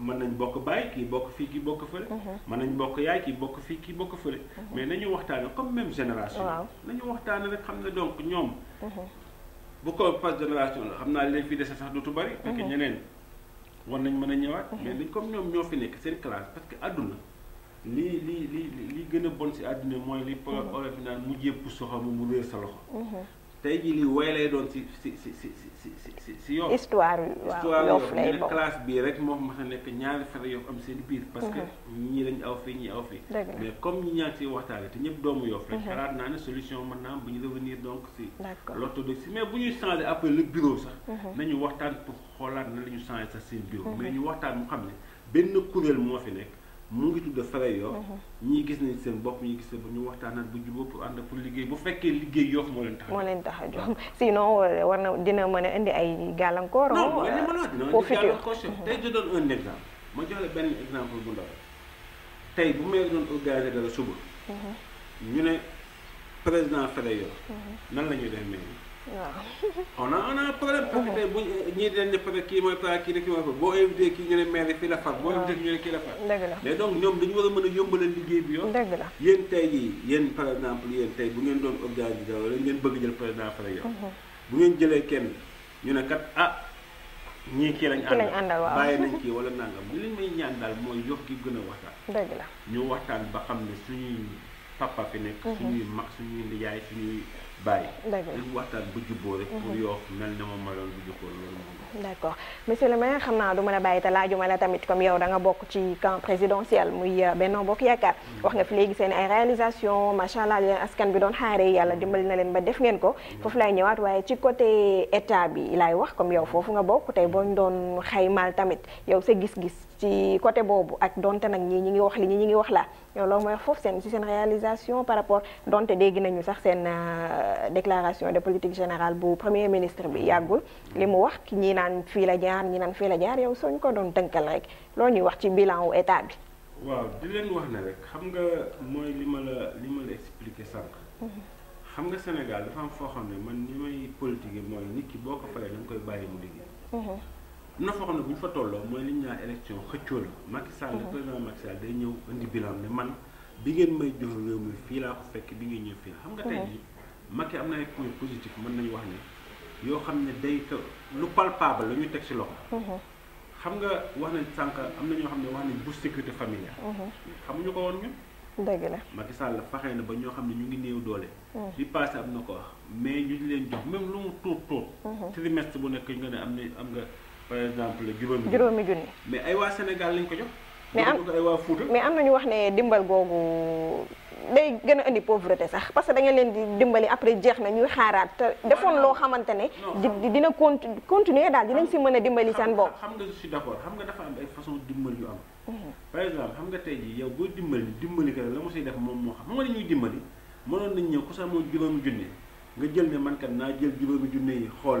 mën nañ bokk baay kii bokk fii kii bokk fële. Mhm. mën nañ bokk yaay kii bokk fii kii bokk fële. Mhm. mais nañu waxtaane comme même génération. nañu waxtaane rek xam ne donc ñoom. Mhm. bu ko pas génération la xam naa leen fi dese sax dootu bari. fekk ñeneen war nañ mën a ñëwaat. mais dañ comme ñoom ñoo fi nekk seen classe parce que àdduna lii lii lii li gën a bon si àdduna mooy li. par rapport ak naan mujjee pousse soxamu mu réer sa loxo. tey jii lii way lay doon ci si si si si si si yow. histoire waaw yow lay bokk classe bii rek moo mën a nekk ñaari fere yow am seen biir. Mhm. parce que ñii dañu aw fii ñii aw fii. mais comme ñi ñaa ngi waxtaan waxtaanee te ñëpp doomu yow rek. Mhm. xalaat naa ne solution mën naa am bu ñu revenir donc si. l'orthodoxie mais bu ñuy changer après le bureau sax. Mhm. nañu waxtaan pour xoolaat na la ñu changer sax seen bureau. mais ñu waxtaan mu xam ne benn kuréel moo fi nekk. mu ngi tudd Fereyo. ñii gis nañ seen bopp ñii gis nañ bu ñu waxtaan ak bu jubóo pour ànd pour liggéey bu fekkee liggéey yoof moo leen tax a. moo leen tax a jóg sinon euh, war na dina mën a indi ay gàllankoor. non oh, mais li ma euh, gàllankoor tey je donne un exemple. ma jox la benn exemple bu ndaw tey bu may doon organiser dara suba. ñu ne président Fereyo. nan la ñuy def mairie. waaw on a on a problème parce que tey bu ñii dañ ne parce que kii mooy pa kii ne kii ñu ne maire fii la far boo invité ñu ne kii la far dëgg la mais donc ñoom dañu war a mën a yombalal liggéey bi yoon dëgg la yéen tey jii yéen par exemple yéen tey bu ngeen doon organiser wala ngeen bëgg jël président fara yow bu ngeen jëlee kenn ñu ne kat ah ñii kii lañ àndal bàyyi nañ kii wala nangam li leen may ñaan daal mooy yox gi gën a waxtaan dëgg la ñu waxtaan ba xam ne suñuy papa fi nekk suñuy mag suñuy nijaay suñuy bàyyi. dañu waxtaan mhm. ma monsieur le maire xam naa du ma la bàyyi te laajuma la tamit comme yow da nga bokk ci camp présidentiel muy euh, Benno Bokk Yaakaar. Mhm. wax nga fi léegi seen ay réalisation macha allah askan bi doon xaaree yàlla mhm. dimbali na leen ba def ngeen ko. foofu laay ñëwaat waaye ci côté état bi laay wax comme yow foofu nga bokk tey boo ñu doon xaymaal tamit yow sa gis-gis. ci côté boobu ak donte nag ñii ñi ngi wax li ñi ñi ngi wax laa yow loo mooy wax foofu seen ci seen réalisation par rapport donte dégg nañu sax seen euh, déclaration de politique général bu premier ministre bi yàggul li mu wax ki ñi naan fii la jaar ñi naan fii la jaar yow soo ñu ko doon tënkal rek loo ñuy wax ci bilan wu état bi waaw di leen wax ne rek xam nga mooy li ma la li ma la expliqué sànq mhm. xam nga Sénégal dafa am foo xam ne man ni may politique koy bàyyi am na foo xam ne bu ñu fa tolloo mooy li ñu naan xëccoo la Macky Sall le mhm. président Macky Sall day ñëw indi bilan ne man bi ngeen may jox réew mi fii laa ko fekk bi ngeen ñëw fii la xam nga tey mhm. jii Macky am na ay point positif mën nañu wax ne yoo xam ne day ko lu palpable la ñu teg si loxo mhm. xam nga wax nañ sànq am na ñoo xam ne wax nañ bu sécurité familiale xamuñu ko woon ñun dëgg la Macky Sall faxee na ba ñoo xam ne ñu ngi néew doole. li passé am na ko wax mais ñu ngi leen jox même lu mu tuut tuut trimestre bu nekk nga ne am na am nga par exemple juróomi juróomi junni. mais ay waa Sénégal lañ ko jox. mais am ay mais am na ñu wax ne dimbal googu day gën a indi pauvreté sax parce que da nga leen di dimbali après jeex na ñuy xaaraat te defoon loo xamante ne. di dina con continuer daal dinañ si mën a dimbali seen bopp. xam nga je suis d'accord xam nga dafa am ay façon dimbal yu am. Mhm. par exemple xam nga tey jii yow boo dimbali dimbali que la mu siy def moom moo xam nga ni ñuy dimbali mënoon nañ ñëw ku sax moo juróomi junne nga jël man kat naa jël juróomi junne yi xool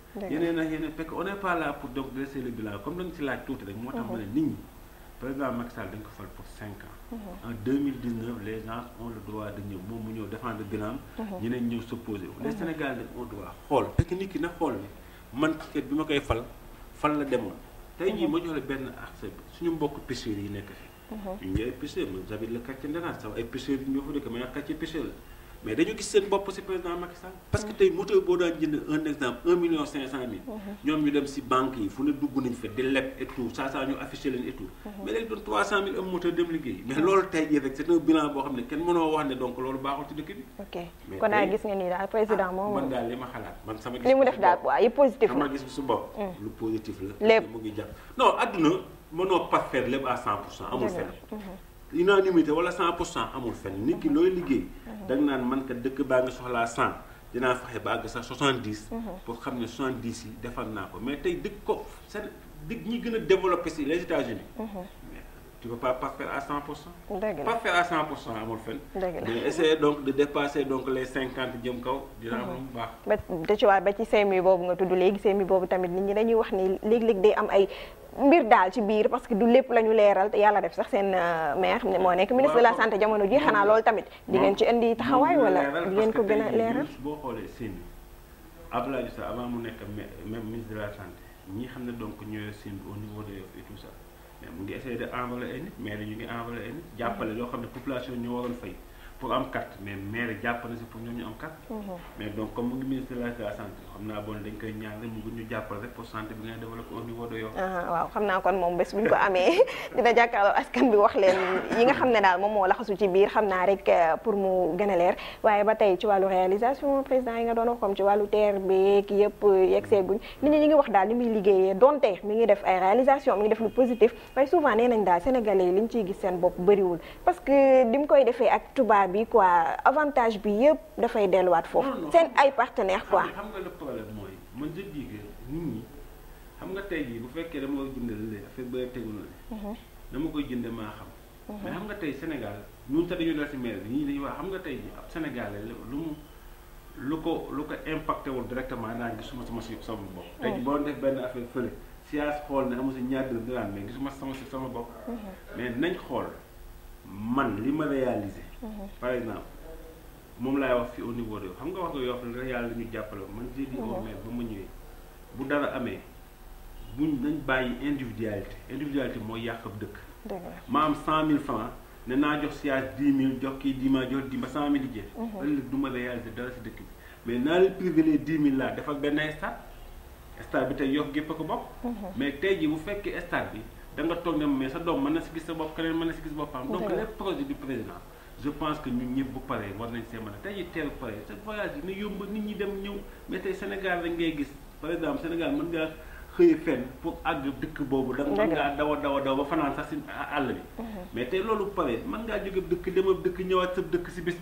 yeneen ak yeneen fekk on est pas là pour donc dresser le bilan comme da nga si laaj tuuti rek moo tax ne mhm. nit ñi président Macky Sall dañ ko fal pour 5 ans mhm. en 2019 les gens ont le droit de ñëw moom mu ñëw défendre bilan mhm. ñeneen ñëw s'opposer les sénégal dañ on doit xool fekk nit ki na xol man kat bi ma koy fal fal la demoon tay jii ma jox ben accès suñu mbokk pêcheurs yi nekk fi ñu ngi ay pêcheurs man j'habite le quartier Ndanane sama ay pêcheurs yi ñoo fa dëkk mais nag quartier pêcheur mais dañu gis seen bopp si président Macky Sall parce que tey moto boo daan jënd un exemple un million cinq cent mille ñoom ñu dem si banque yi fu ne dugg nañ fa di leb et saa saa ñu affiché leen et mais léegi doon trois cent mille am moto dem liggéey mais loolu tey jii rek c'est un bilan boo xam ne kenn mënoo wax ne donc loolu baaxul ci dëkk bi ok kon daal gis nga nii daal président ah, moom man daal li ma xalaat man sama gis li mu def daal waaw unanimité wala 100 amul fenn nit ki mhm. man 100 dinaa fexe ba que 70. Mhm. pour xam ne 70 yi mais tey dëkk ko les États-Unis mhm. tu peux pas faire à 100 à 100 amul fenn. essayer donc de dépasser donc les 50 jëm kaw. dina am lu baax. ba ci waa ba ci boobu nga mbir daal ci biir parce que du lépp lañu ñu leeral te yàlla def sax seen euh, maire xam ne moo nekk ministre de la santé jamono ji xanaa loolu tamit di ngeen ci indi taxawaay wala di ngeen ko gën a leeral boo xoolee seen Abdoulaye Diouf avant mu nekk même ministre de la santé ñi xam ne donc ñooy seen au niveau de et tout ça mais mu ngi essayé de envoler ay nit maire ñu ngi envoler ay nit jàppale loo xam ne population ñoo waroon fay pour am carte mais maire jàpp si pour ñoom ñu am xam naa bon ah, waaw xam naa kon moom bés bu ñu ko amee dina jàkkaarloo askan bi wax leen yi nga xam ne daal moom moo laxasu ci biir xam naa rek euh, pour mu gën a leer waaye ba tey ci wàllu réalisation président yi nga doon wax comme ci wàllu terre bi yëpp euh, yegg seeguñ nit ñi ñi ngi wax daal ni muy liggéeyee donte mi ngi def ay réalisation mi ngi def lu positif waaye souvent nee nañ daal sénégalais yi liñ ciy gis seen bopp bëriwul parce que mu koy defee ak tubaab bi quoi avantage bi yëpp dafay delluwaat foofu seen ay partenaire quoi problème mooy man je dis que xam nga tey jii bu fekkee dama koy jëndee léegi affaire ba tegu na la. Mhm. dama koy jënde maa xam. Mhm. mais xam nga tey Sénégal ñun sax dañu dal si maire bi dañuy wax xam nga tey jii ab Sénégalais lu mu lu ko lu ko impacté wul directement naa suma sama si sama bopp. Mhm. tey boo def benn affaire fële science xool ne amu si ñaar dërëm dinaan mais gisuma sama si sama bopp. mais nañ xool man li ma réalisé. par exemple. moom laay wax fi au niveau de xam nga wax nga yoo xam ne rek yàlla ñu jàppale man j'ai dit au maire ba ma ñëwee bu dara amee buñ nañ bàyyi individualité individualité mooy yàq ab dëkk ma am cent mille francs ne naa jox siyaas dix mille jox kii dix ma jox dix ma cent mille jeex ëllëg mhm. du ma réalisé dara si dëkk bi mais naa leen privilé dix mille laa defal benn stade stade bi tey yox gépp ko bopp mhm. mais tey jii bu fekkee stade bi da nga toog ne mais sa doom mën na si gis sa bopp keneen mën na si gis boppam donc les projet du président je pense que ñu ñëpp bu paree war nañ see mën a tey teel pare sa voyage yi na yomb nit ñi dem ñëw mais tey Sénégal rek ngay gis par exemple Sénégal mën ngaa xëy fenn da a daw a daw bi mhm. mais loolu pare mën ngaa jóge dëkk dem ab dëkk ñëwaat sa dëkk si bés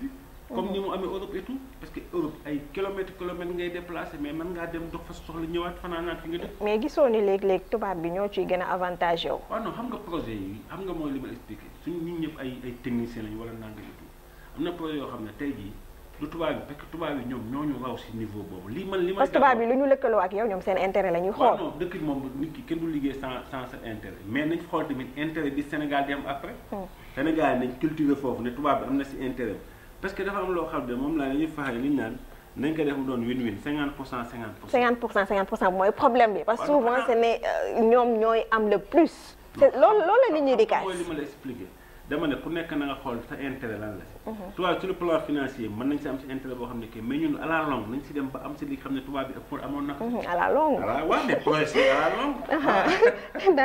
ni mu amee Europe et que Europe ay kilomètre kilomètre ngay déplacé ngaa dem dox fa soxla ñëwaat fanaanaat fi nga dëkk mais gisoo ni léeg-léeg tubaab bi ñoo ciy gën a avantage yow waaw non xam nga projet yi xam nga mooy li ma expliqué suñu ñun ñëpp ay ay techniciens lañu wala nangal et tout am na projet yoo xam ne tey jii du tubaab bi parce que tubaab yi ñoom ñoo ñu raw si niveau boobu lii man li ma. parce que tubaab bi lu ñu lëkkaloo ak yow ñoom seen intérêt la ñuy xool. waaw non dëkk bi moom nit ki kenn du liggéey sans sans sa intérêt mais nañ xool tamit intérêt bi Sénégal di am après. Hmm. Sénégal nañ cultiver foofu ne tubaab bi am na si intérêt parce que dafa am loo xam ne moom laa dañuy faxee li ñu naan nañ ko def mu doon win-win 50 pour cent 50 pour cent. 50 pour cent 50 pour cent mooy problème bi. parce que souvent ce n'est euh, ñoom ñooy am le plus. loolu loolu la nit ñi di kaas. mooy li expliqué. dama ne ku nekk na nga xool sa intérêt lan la si mhm. tubaab sur le plan financier mën nañ si am si intérêt boo xam ne que mais ñun à la longue nañ si dem ba am si li xam ne tubaab bi ak pour amoon na mhm, à la longue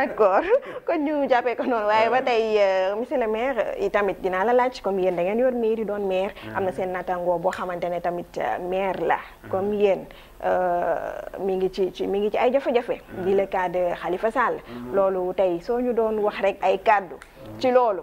kon ñu jàppee ko noonu waaye ba tey euh, monsieur le maire euh, tamit dinaa la laaj comme yéen da ngeen yor maire yi doon maire am na seen nattangoo boo xamante ne tamit euh, maire la comme yéen mi ngi ci ci mi ngi ci ay jafe-jafe di le cas de Khalifa mm-hmm. loolu tey soo ñu doon wax rek ay kàddu ci loolu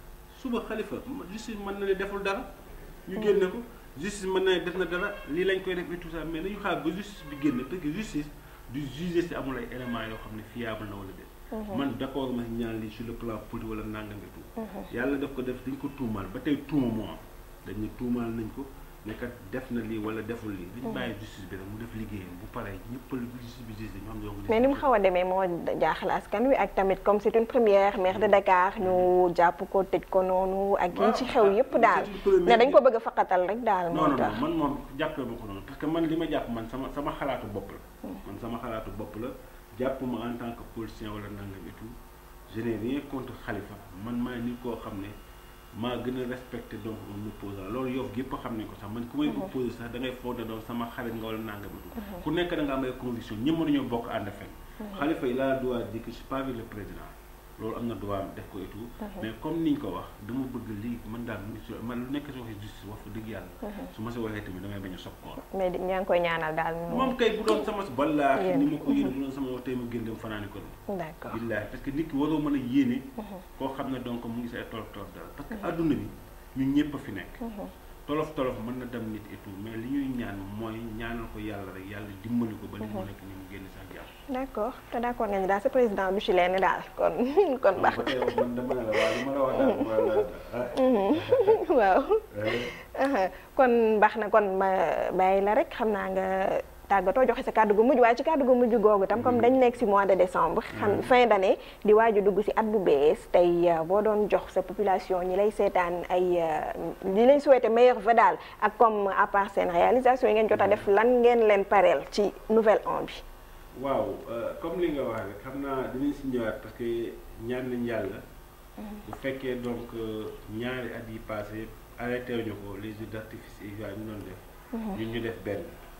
suba xalifa justice mën na ne deful dara ñu génne ko justice mën na def na dara lii lañ koy def et tout ça mais nañu xaar ba justice bi génn parce que justice du juger si amul ay éléments yoo xam ne fiable na wala déet mhm. man d'accord ma ñaan lii sur le plan politique wala nangam et tout mhm. yàlla daf ko def dañ ko tuumaal ba tey tuuma moo am dañ ne tuumaal nañ ko ne kat def na lii wala deful lii. dañu mm. bàyyi justice bi rek mu def liggéey bu paree ñëpp lu justice bi gis ñoom ñoo ngi. ne ni mu xaw a demee moo jaaxal askan wi ak tamit comme c'est une première maire de mm. Dakar ñu mm. jàpp ko tëj ko noonu. ak yi ah, ci xew ah, yëpp ah, daal ne dañ ko bëgg a faqatal rek daal. moo tax man moom jàppee ma ko noonu parce que man li ma jàpp man sama sama xalaatu bopp la. man sama xalaatu bopp la jàpp ma en tant que politicien wala nangam et tout je n'ai man maa nit koo xam ne. maa gën a respecté donc un opposant loolu yow yëpp xam nañ ko sax man ku may mhm. opposé sax da ngay foog ne doon sama xarit nga wala nangam mhm. ku nekk da nga am ay conviction ñëpp mënuñoo bokk ànd fenn mhm. Khalifa il a le droit de dire que je suis pas président loolu am na droit def ko et tout mais comme niñ ko wax dama bëgg lii man daal man lu nekk si waxee justice wax fa dëgg yàlla su ma si waxee tamit damay bañ a sob koor mais ñaa ngi koy ñaanal daal moom kay bu doon sama balaa ni ma ko yéene bu doon sama wax tey ma gën dem fanaani ko ni billaahi parce que nit ki waroo mën a yéene mhm. koo xam ne donc mu ngi sa ay tolof daal parce que mhm. bi ñun ñëpp a fi nekk mhm. tolof tolof mën na dem nit et tout mais li ñuy ñaan mooy ñaanal ko yàlla rek yàlla dimbali ko. ba li mu mhm. nekk ni mu génn sax jàpp. d' accord te d' accord nga ni daal sa président du ci leen daal kon kon baax. ba tey man na kon ma bàyyi la rek xam naa nga. tàggatoo joxe sa kàddu gu mujj waaye ci kàddu gu mujj googu tam comme mm-hmm. dañ nekk si mois de décembre xam mm-hmm. fin d'année di waaju dugg si at bu bees tey euh, boo doon jox sa population ñi lay seetaan ay li euh, lay souhaité meilleur vœu daal ak comme à part seen réalisation yi ngeen jot a mm-hmm. def lan ngeen leen pareel ci nouvel an bi waaw euh, comme li nga wax rek xam naa dinañ si ñëwaat parce que ñaan nañ yàlla bu fekkee donc ñaari at yi passé arrêté wuñu ko les jeux d'artifice yi ñu doon def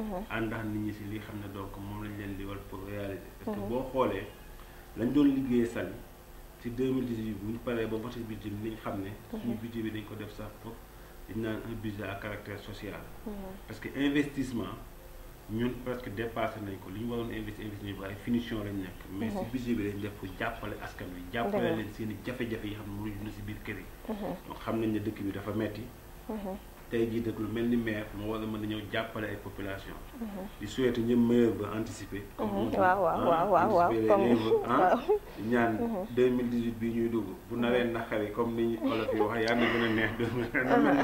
Mm-hmm. àndax nit ñi si li xam ne donc moom lañ leen di wal pour réaliser. parce que mm-hmm. boo xoolee lañ doon liggéey Saly ci 2018 bu ñu paree ba voté budget bi nañ xam ne. Mm-hmm. suñu budget bi dañ ko def sax pour dañ naan un budget à caractère social. parce que investissement ñun presque dépassé nañ ko li ñu waroon investi investi nañ ay finition lañ nekk. mais si budget bi dañ def pour jàppale askan wi. jàppale leen seen i jafe-jafe yi xam ne mënuñu dund si biir kër yi. donc xam nañ ne dëkk bi dafa metti tey jii nag lu mel ni maire moo war a mën a ñëw jàppale ay population mhm. di souhaiter ñëpp maire ba anticiper. Mhm. waaw waaw ah, waaw waaw ah, ñaan 2018 mhm. bii ñuy dugg bu na naqari comme ni olof yi wax yàlla a neex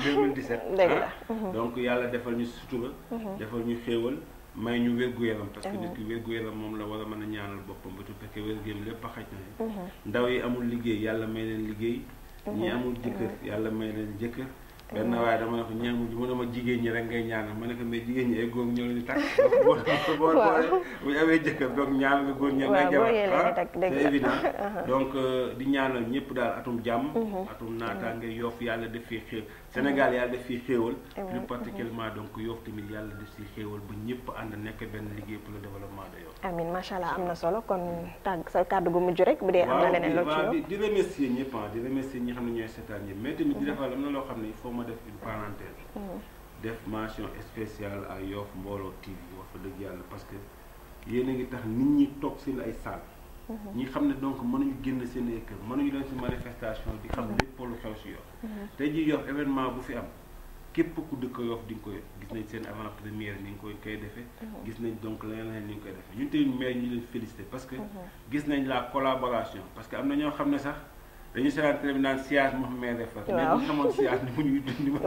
2017. dëgg ah. la yàlla defal ñu sutura. defal ñu xéewal may ñu wér-gu-yaram parce que nit ki wér yaram moom la war a mën a ñaanal boppam ba su fekkee wér-gu-yaram lépp a xaj na ndaw yi amul liggéey yàlla may leen liggéey. ñi amul jëkkër yàlla may leen jëkkër. benn eh. waaye dama ne ko ñeem mu ne ma jigéen ñi rek ngay ñaanal ma ne ko mais jigéen ñi ay góor ñoo leen di takk. waaw boo bu ñu amee jëkkër donc ñaan nga góor ña ngay jabar ah, c'est évident uh-huh. donc euh, di ñaanal ñëpp daal atum jàmm mm-hmm. atum nga yoof yàlla def fii Sénégal yalla def fi xéewal plus particulièrement donc Yoff tamit yalla def ci xéewal bu ñepp and nek ben liggéey pour le développement de Yoff amin machallah amna solo kon tag sa cadre gu mujj rek bu dé am na leneen loo ci waaw di remercier ñepp ah, di remercier ñi xam ñoy ñooy seetaan mais tamit di defal amna lo loo xam il faut ma def une parenthèse mm-hmm. def mention spéciale à Yoff mbolo TV wax fa dëgg yàlla parce que yéne ngi tax nit ñi tok ci ay salle mm-hmm. ñi xam donc mënuñu génn seen ay kër mënuñu dem si manifestation di xam mm-hmm. lépp lu xew ci Yoff tay jii Yoff événement bu fi am képp ku dëkk Yoff di nga koy gis nañ seen avant première ni nga koy koy defee mhm. gis nañ donc leneen ni nga koy defee ñun tey maire ñu leen félicité parce que mhm. gis nañ la collaboration parce que am na ñoo xam ne sax dañu seetaan télé bi naan siyaas Mouhamed Refat. waaw mais bu ñu xamoon siyaas ni mu ñuy ni mu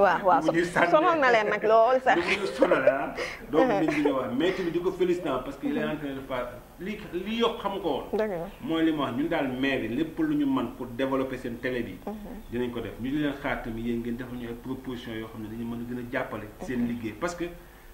ñuy sànni sonal na leen nag lool sax. ni ah. tamit di ko félicité ah, parce que il est en train de li li yokk xam ko woon. mooy li ma wax ñun daal maire yi lépp lu ñu mën pour développer seen télé bi. Mhm. dinañ ko def ñu di leen xaar tamit yéen ngeen def ñu ay proposition yoo xam ne dañu mën gën a jàppale. seen liggéey parce que.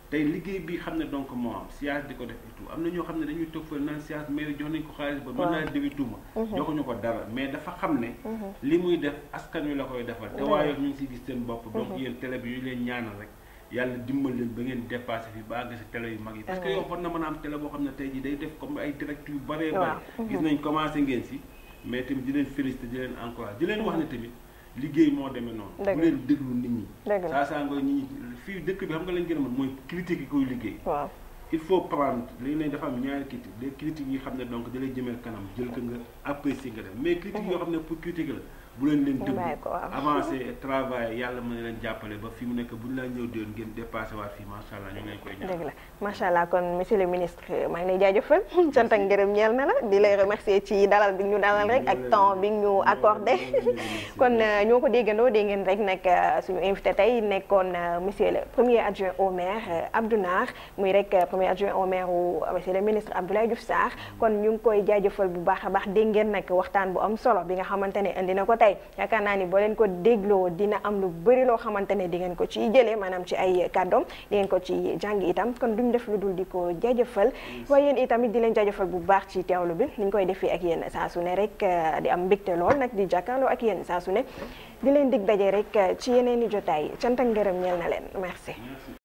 tey liggéey bi xam ne donc moo am siyaas di ko def et tout am na ñoo xam ne dañuy toog fa naan siyaas mais jox nañ ko xaalis ba mën naa déwi tuuma mhm. joxuñu ko dara mais dafa xam ne mhm. li muy def askan wi la koy defal te waaye ñu ngi si gis seen bopp donc mhm. yéen télé bi yu leen ñaanal rek yàlla dimbal leen ba ngeen dépassé fi ba àgg si yu mag yi parce que yow war na mën a am télé boo xam ne tey ji day def comme ay direct yu bëree bëri gis nañ commencé ngeen si mais di leen félicité leen encouragé di leen wax ne tamit liggéey moo demee noonu. bu leen déglu nit ñi. saa saa nga nit ñi fii dëkk bi xam nga lañ gën a mën mooy critique yi koy liggéey. waaw il faut prendre léegi nag dafa am ñaari critiques les critiques yi xam ne donc da lay jëmee kanam jël ko nga apprécier nga dem mais critique yoo xam ne pour critique la. bu leen leen déglu avancé travail yàlla jàppale ba fi mu nekk bu ñu laa ñëw déwén ngeen dépassé waat fii macha allah ñu allah kon monsieur le ministre maa ngi lay jaajëfal sant ak ngërëm na la di lay remercier ci dalal bi ñu dalal rek ak temps bi ñu accordé kon euh, ñoo ko déggandoo dégg ngeen rek nag euh, suñu invité tey nekkoon euh, monsieur le premier adjoint au maire Abdou muy rek premier adjoint au wu monsieur le ministre Abdoulaye Diouf Sarr kon ñu ngi koy jaajëfal bu baax a baax dégg ngeen waxtaan bu am solo bi nga xamante ne indi tey yaakaar naa ni boo leen ko dégloo dina am lu bari loo xamante ne di ko ci jëlee maanaam ci ay kàddoom di ko ci jàngi itam kon duñ def lu dul di ko jaajëfal waaye yéen itamit di leen jaajëfal bu baax ci teewlu bi ni ñu koy defee ak yéen saa su ne rek eh, di am mbégte lool nag di jàkkaarloo ak yéen saa su ne di leen dig daje rek eh, ci yeneen i jotaay cant ak ngërëm ñeel na leen merci